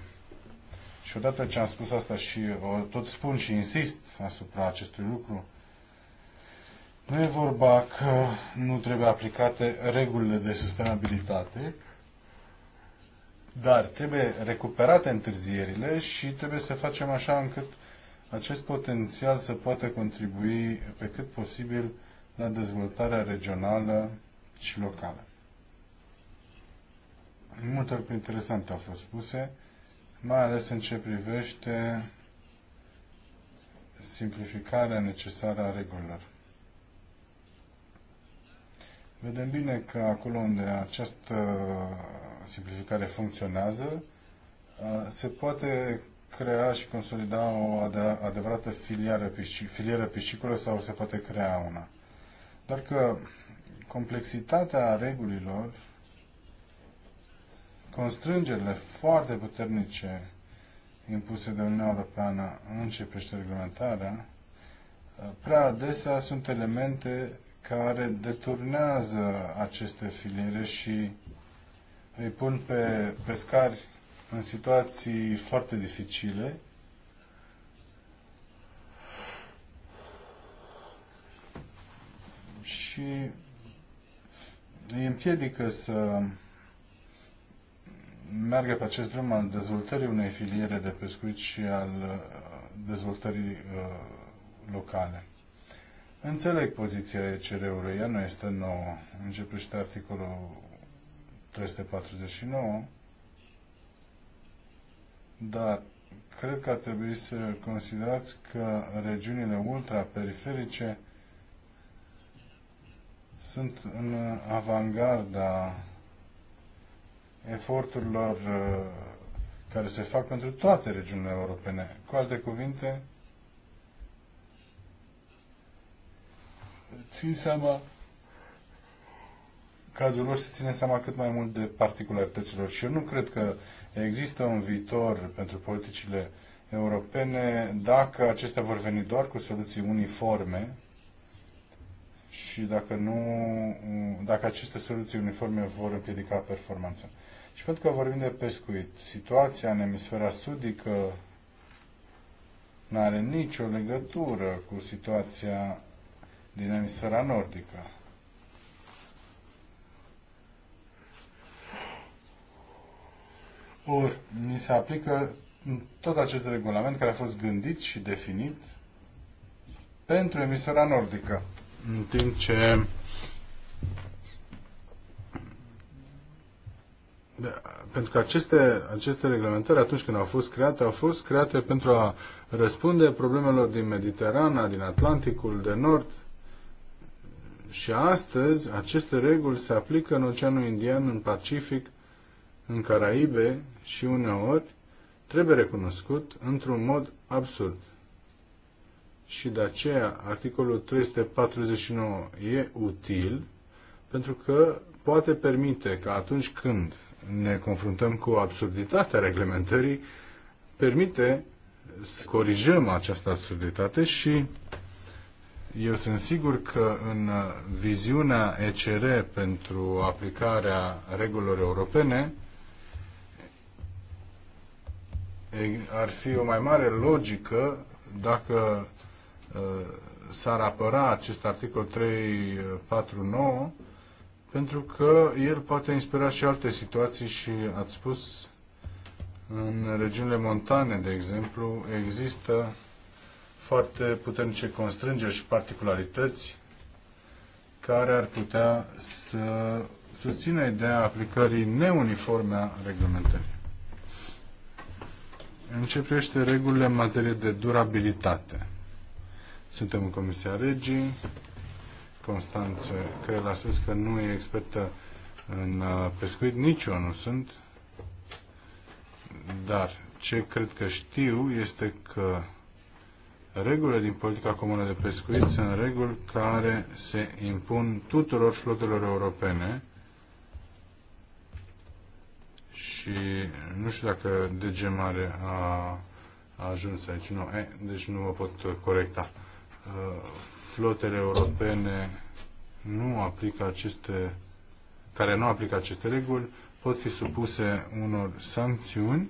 Și odată ce am spus asta și o tot spun și insist asupra acestui lucru, nu e vorba că nu trebuie aplicate regulile de sustenabilitate, dar trebuie recuperate întârzierile și trebuie să facem așa încât acest potențial să poată contribui pe cât posibil la dezvoltarea regională și locală. Multe lucruri interesante au fost spuse, mai ales în ce privește simplificarea necesară a regulilor. Vedem bine că acolo unde această simplificare funcționează, se poate crea și consolida o adevărată filieră, filieră piscicolă sau se poate crea una. Doar că complexitatea regulilor, constrângerile foarte puternice impuse de Uniunea Europeană în ce privește reglementarea, prea adesea sunt elemente care deturnează aceste filiere și îi pun pe pescari în situații foarte dificile. Și îi împiedică să meargă pe acest drum al dezvoltării unei filiere de pescuit și al uh, dezvoltării uh, locale. Înțeleg poziția ECR-ului, ea nu este nouă. Începește articolul 349 dar cred că ar trebui să considerați că regiunile ultraperiferice sunt în avangarda eforturilor uh, care se fac pentru toate regiunile europene. Cu alte cuvinte, țin seama cazul lor se ține seama cât mai mult de particularităților și eu nu cred că Există un viitor pentru politicile europene dacă acestea vor veni doar cu soluții uniforme și dacă, nu, dacă aceste soluții uniforme vor împiedica performanța. Și pentru că vorbim de pescuit, situația în emisfera sudică nu are nicio legătură cu situația din emisfera nordică. Ori, ni se aplică tot acest regulament care a fost gândit și definit pentru emisfera nordică, în timp ce da, pentru că aceste, aceste reglementări, atunci când au fost create, au fost create pentru a răspunde problemelor din Mediterana, din Atlanticul de Nord. Și astăzi aceste reguli se aplică în Oceanul Indian, în Pacific în Caraibe și uneori trebuie recunoscut într-un mod absurd. Și de aceea articolul 349 e util pentru că poate permite că atunci când ne confruntăm cu absurditatea reglementării, permite să corijăm această absurditate și eu sunt sigur că în viziunea ECR pentru aplicarea regulilor europene, ar fi o mai mare logică dacă uh, s-ar apăra acest articol 349 pentru că el poate inspira și alte situații și ați spus în regiunile montane, de exemplu, există foarte puternice constrângeri și particularități care ar putea să susțină ideea aplicării neuniforme a reglementării privește regulile în materie de durabilitate. Suntem în Comisia Regii. Constanță Crel a spus că nu e expertă în uh, pescuit, nici eu nu sunt. Dar ce cred că știu este că regulile din politica comună de pescuit sunt reguli care se impun tuturor flotelor europene și nu știu dacă DG Mare a, a ajuns aici. Nu, e, deci nu vă pot corecta. Uh, flotele europene nu aplică aceste, care nu aplică aceste reguli pot fi supuse unor sancțiuni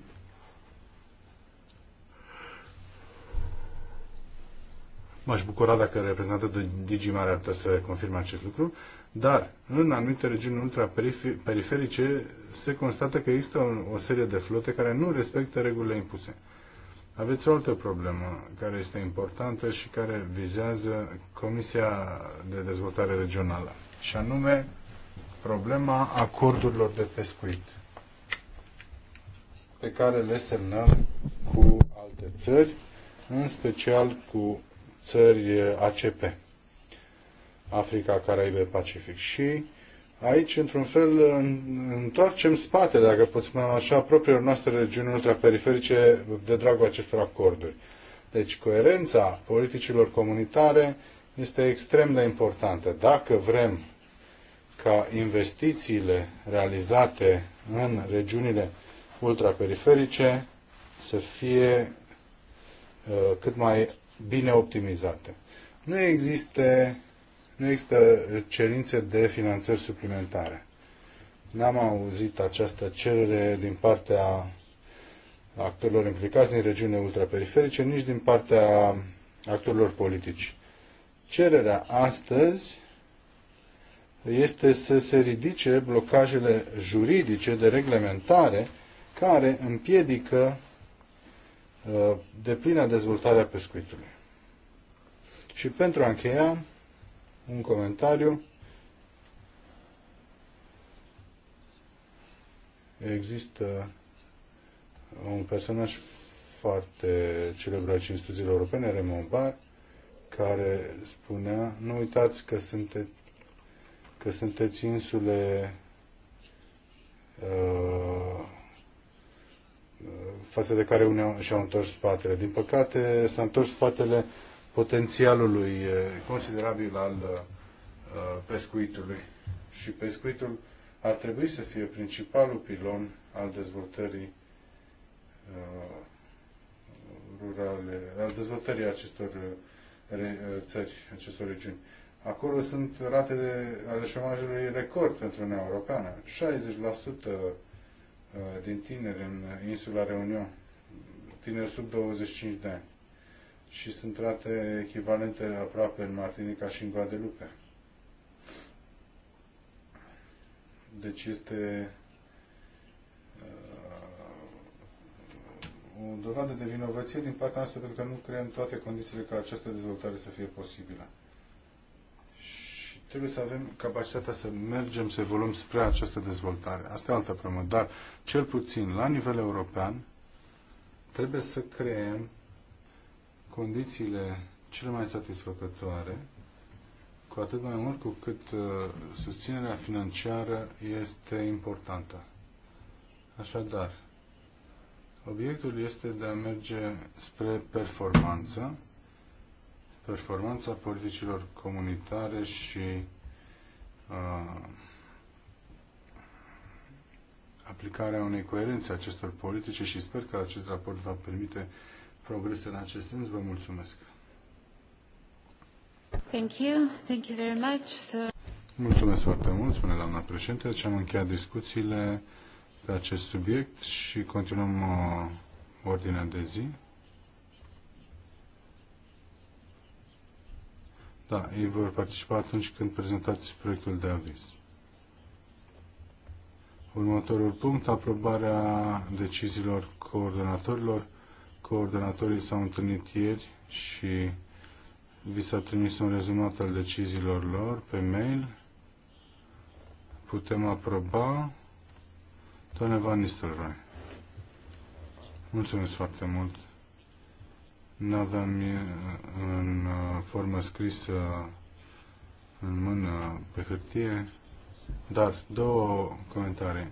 M-aș bucura dacă reprezentantul Digimare ar putea să confirme acest lucru, dar în anumite regiuni ultraperiferice se constată că există o, o serie de flote care nu respectă regulile impuse. Aveți o altă problemă care este importantă și care vizează Comisia de Dezvoltare Regională, și anume problema acordurilor de pescuit pe care le semnăm cu alte țări, în special cu țări ACP, Africa, Caraibe, Pacific. Și aici, într-un fel, întoarcem spatele, dacă pot spune așa, propriilor noastre regiuni ultraperiferice de dragul acestor acorduri. Deci, coerența politicilor comunitare este extrem de importantă. Dacă vrem ca investițiile realizate în regiunile ultraperiferice să fie uh, cât mai bine optimizate. Nu există, nu există cerințe de finanțări suplimentare. N-am auzit această cerere din partea actorilor implicați din regiune ultraperiferice, nici din partea actorilor politici. Cererea astăzi este să se ridice blocajele juridice de reglementare care împiedică Uh, de plină dezvoltare a pescuitului. Și pentru a încheia, un comentariu. Există un personaj foarte celebru al cinstuzilor europene, Raymond Bar, care spunea, nu uitați că, sunte, că sunteți insule uh, față de care unii și-au întors spatele. Din păcate, s-a întors spatele potențialului considerabil al uh, pescuitului. Și pescuitul ar trebui să fie principalul pilon al dezvoltării uh, rurale, al dezvoltării acestor uh, țări, acestor regiuni. Acolo sunt rate de, ale șomajului record pentru Uniunea Europeană. 60% Uh, din tineri în insula Reunion, tineri sub 25 de ani. Și sunt rate echivalente aproape în Martinica și în Guadeloupe. Deci este uh, o dovadă de vinovăție din partea noastră pentru că nu creăm toate condițiile ca această dezvoltare să fie posibilă trebuie să avem capacitatea să mergem, să evoluăm spre această dezvoltare. Asta e altă problemă. Dar, cel puțin, la nivel european, trebuie să creăm condițiile cele mai satisfăcătoare, cu atât mai mult cu cât uh, susținerea financiară este importantă. Așadar, obiectul este de a merge spre performanță, performanța politicilor comunitare și uh, aplicarea unei coerențe acestor politice și sper că acest raport va permite progrese în acest sens. Vă mulțumesc. Thank you. Thank you very much. So... Mulțumesc foarte mult, spune doamna președinte. Deci am încheiat discuțiile pe acest subiect și continuăm uh, ordinea de zi. Da, ei vor participa atunci când prezentați proiectul de aviz. Următorul punct, aprobarea deciziilor coordonatorilor. Coordonatorii s-au întâlnit ieri și vi s-a trimis un rezumat al deciziilor lor pe mail. Putem aproba. Doamne Van Nistelrooy. Mulțumesc foarte mult. Nu aveam în uh, formă scrisă în mână pe hârtie, dar două comentarii.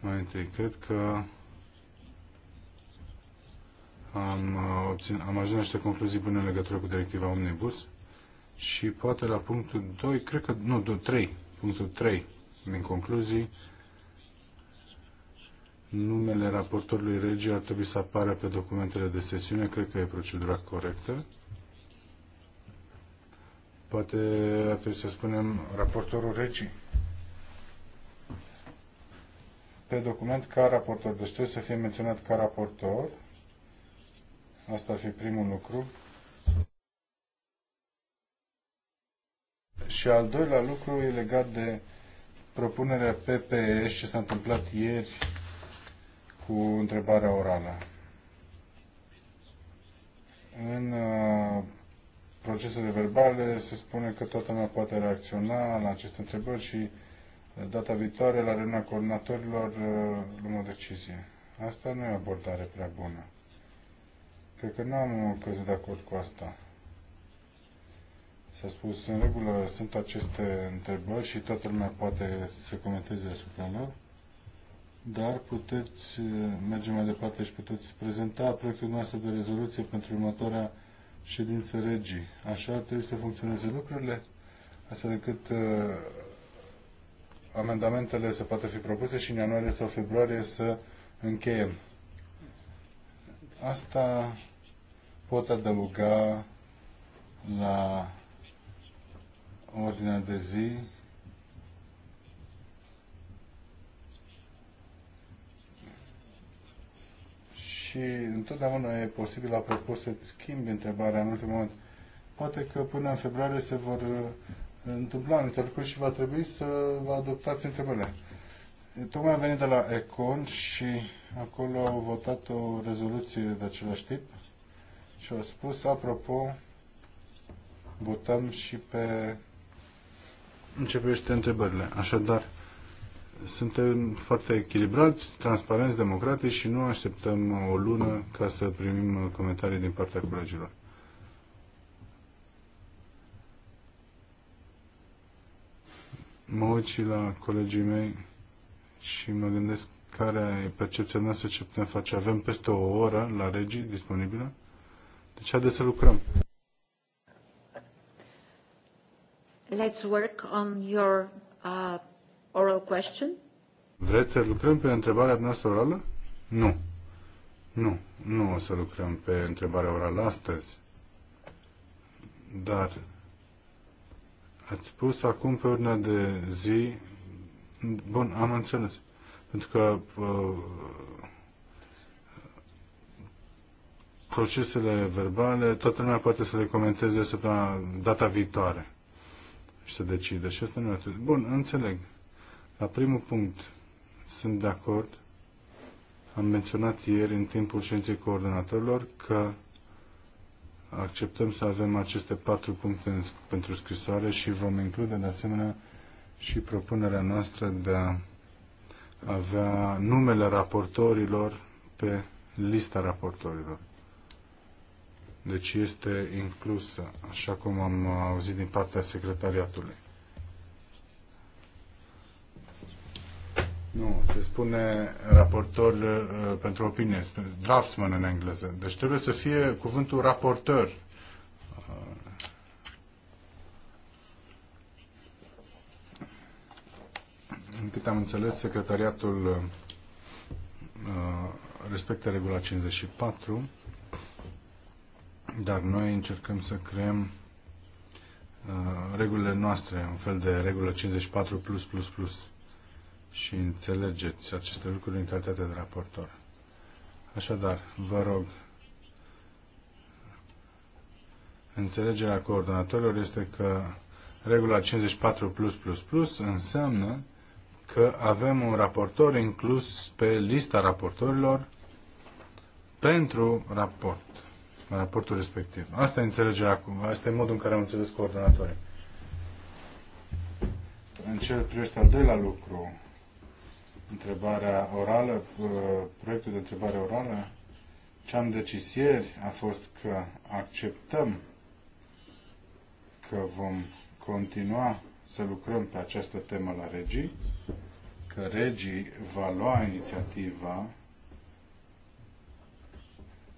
Mai întâi, cred că am, uh, obțin, am ajuns niște concluzii bune în legătură cu directiva Omnibus și poate la punctul 2, cred că, nu, 3, punctul 3 din concluzii, numele raportorului regi ar trebui să apară pe documentele de sesiune. Cred că e procedura corectă. Poate ar trebui să spunem raportorul regii pe document ca raportor. Deci trebuie să fie menționat ca raportor. Asta ar fi primul lucru. Și al doilea lucru e legat de propunerea PPE și ce s-a întâmplat ieri cu întrebarea orală. În uh, procesele verbale se spune că toată lumea poate reacționa la aceste întrebări și uh, data viitoare la reuniunea coordonatorilor uh, luăm o decizie. Asta nu e abordare prea bună. Cred că nu am căzut de acord cu asta. S-a spus, în regulă sunt aceste întrebări și toată lumea poate să comenteze asupra lor dar puteți uh, merge mai departe și puteți prezenta proiectul noastră de rezoluție pentru următoarea ședință regii. Așa ar trebui să funcționeze lucrurile, astfel încât uh, amendamentele să poată fi propuse și în ianuarie sau februarie să încheiem. Asta pot adăuga la ordinea de zi și întotdeauna e posibil, apropo, să-ți schimbi întrebarea în ultimul moment. Poate că până în februarie se vor uh, întâmpla anumite lucruri și va trebui să vă adoptați întrebările. Tocmai am venit de la Econ și acolo au votat o rezoluție de același tip și au spus, apropo, votăm și pe... Începește întrebările. Așadar, suntem foarte echilibrați, transparenți, democratici și nu așteptăm o lună ca să primim comentarii din partea colegilor. Mă uit și la colegii mei și mă gândesc care e percepția noastră ce putem face. Avem peste o oră la regii disponibilă. Deci haideți să lucrăm. Let's work on your uh, oral question? Vreți să lucrăm pe întrebarea noastră orală? Nu. Nu. Nu o să lucrăm pe întrebarea orală astăzi. Dar ați spus acum pe urmă de zi... Bun, am înțeles. Pentru că uh, procesele verbale, toată lumea poate să le comenteze săptămâna, data viitoare și să decide. Și asta nu e atât. Bun, înțeleg. La primul punct sunt de acord. Am menționat ieri în timpul ședinței coordonatorilor că acceptăm să avem aceste patru puncte pentru scrisoare și vom include de asemenea și propunerea noastră de a avea numele raportorilor pe lista raportorilor. Deci este inclusă, așa cum am auzit din partea secretariatului. Nu, se spune raportor uh, pentru opinie, draftsman în engleză. Deci trebuie să fie cuvântul raportor. În uh, din am înțeles, secretariatul uh, respectă regula 54, dar noi încercăm să creăm uh, regulile noastre, un fel de regulă 54 plus plus plus și înțelegeți aceste lucruri în calitate de raportor. Așadar, vă rog, înțelegerea coordonatorilor este că regula 54 plus plus plus înseamnă că avem un raportor inclus pe lista raportorilor pentru raport, raportul respectiv. Asta e înțelegerea, asta e modul în care am înțeles coordonatorii. În ce privește al doilea lucru, întrebarea orală, uh, proiectul de întrebare orală, ce am decis ieri a fost că acceptăm că vom continua să lucrăm pe această temă la regii, că regii va lua inițiativa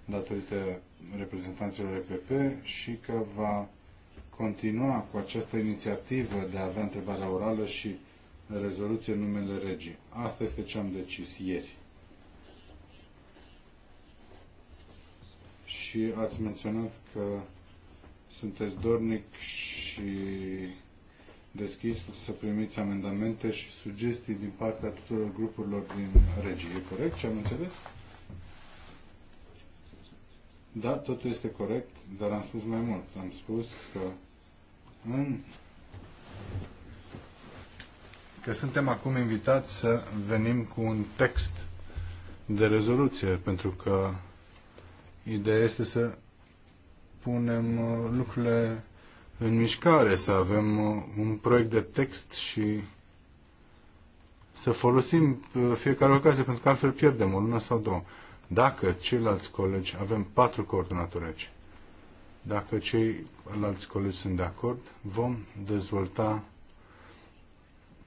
datorită reprezentanților EPP și că va continua cu această inițiativă de a avea întrebarea orală și rezoluție în numele regii. Asta este ce am decis ieri. Și ați menționat că sunteți dornic și deschis să primiți amendamente și sugestii din partea tuturor grupurilor din regie. E corect ce am înțeles? Da, totul este corect, dar am spus mai mult. Am spus că în că suntem acum invitați să venim cu un text de rezoluție, pentru că ideea este să punem uh, lucrurile în mișcare, să avem uh, un proiect de text și să folosim uh, fiecare ocazie, pentru că altfel pierdem o lună sau două. Dacă ceilalți colegi, avem patru coordonatori aici, dacă ceilalți colegi sunt de acord, vom dezvolta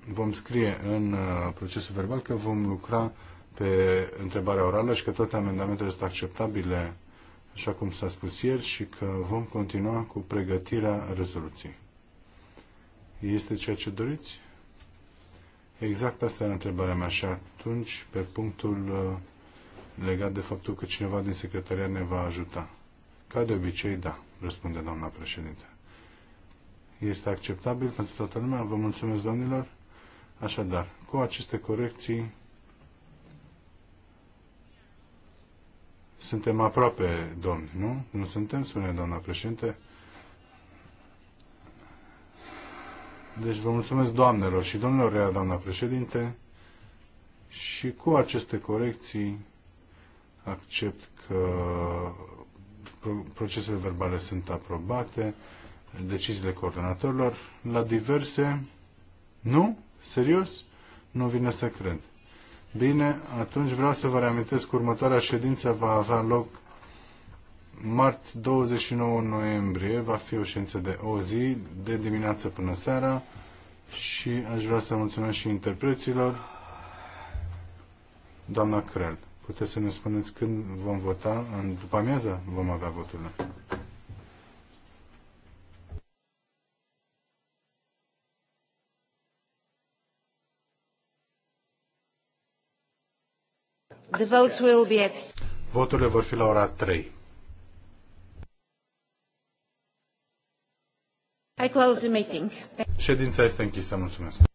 vom scrie în uh, procesul verbal că vom lucra pe întrebarea orală și că toate amendamentele sunt acceptabile, așa cum s-a spus ieri, și că vom continua cu pregătirea rezoluției. Este ceea ce doriți? Exact asta era întrebarea mea și atunci pe punctul uh, legat de faptul că cineva din secretariat ne va ajuta. Ca de obicei, da, răspunde doamna președinte. Este acceptabil pentru toată lumea? Vă mulțumesc, domnilor! Așadar, cu aceste corecții suntem aproape, domni, nu? Nu suntem, spune doamna președinte. Deci vă mulțumesc doamnelor și domnilor, ea, doamna președinte, și cu aceste corecții accept că procesele verbale sunt aprobate, deciziile coordonatorilor la diverse, nu? Serios? Nu vine să cred. Bine, atunci vreau să vă reamintesc că următoarea ședință va avea loc marți 29 noiembrie. Va fi o ședință de o zi, de dimineață până seara. Și aș vrea să mulțumesc și interpreților. Doamna Crel, puteți să ne spuneți când vom vota? În după amiază vom avea voturile. The votes will be at... Voturile vor fi la ora 3. I close the meeting. Ședința este închisă. Mulțumesc.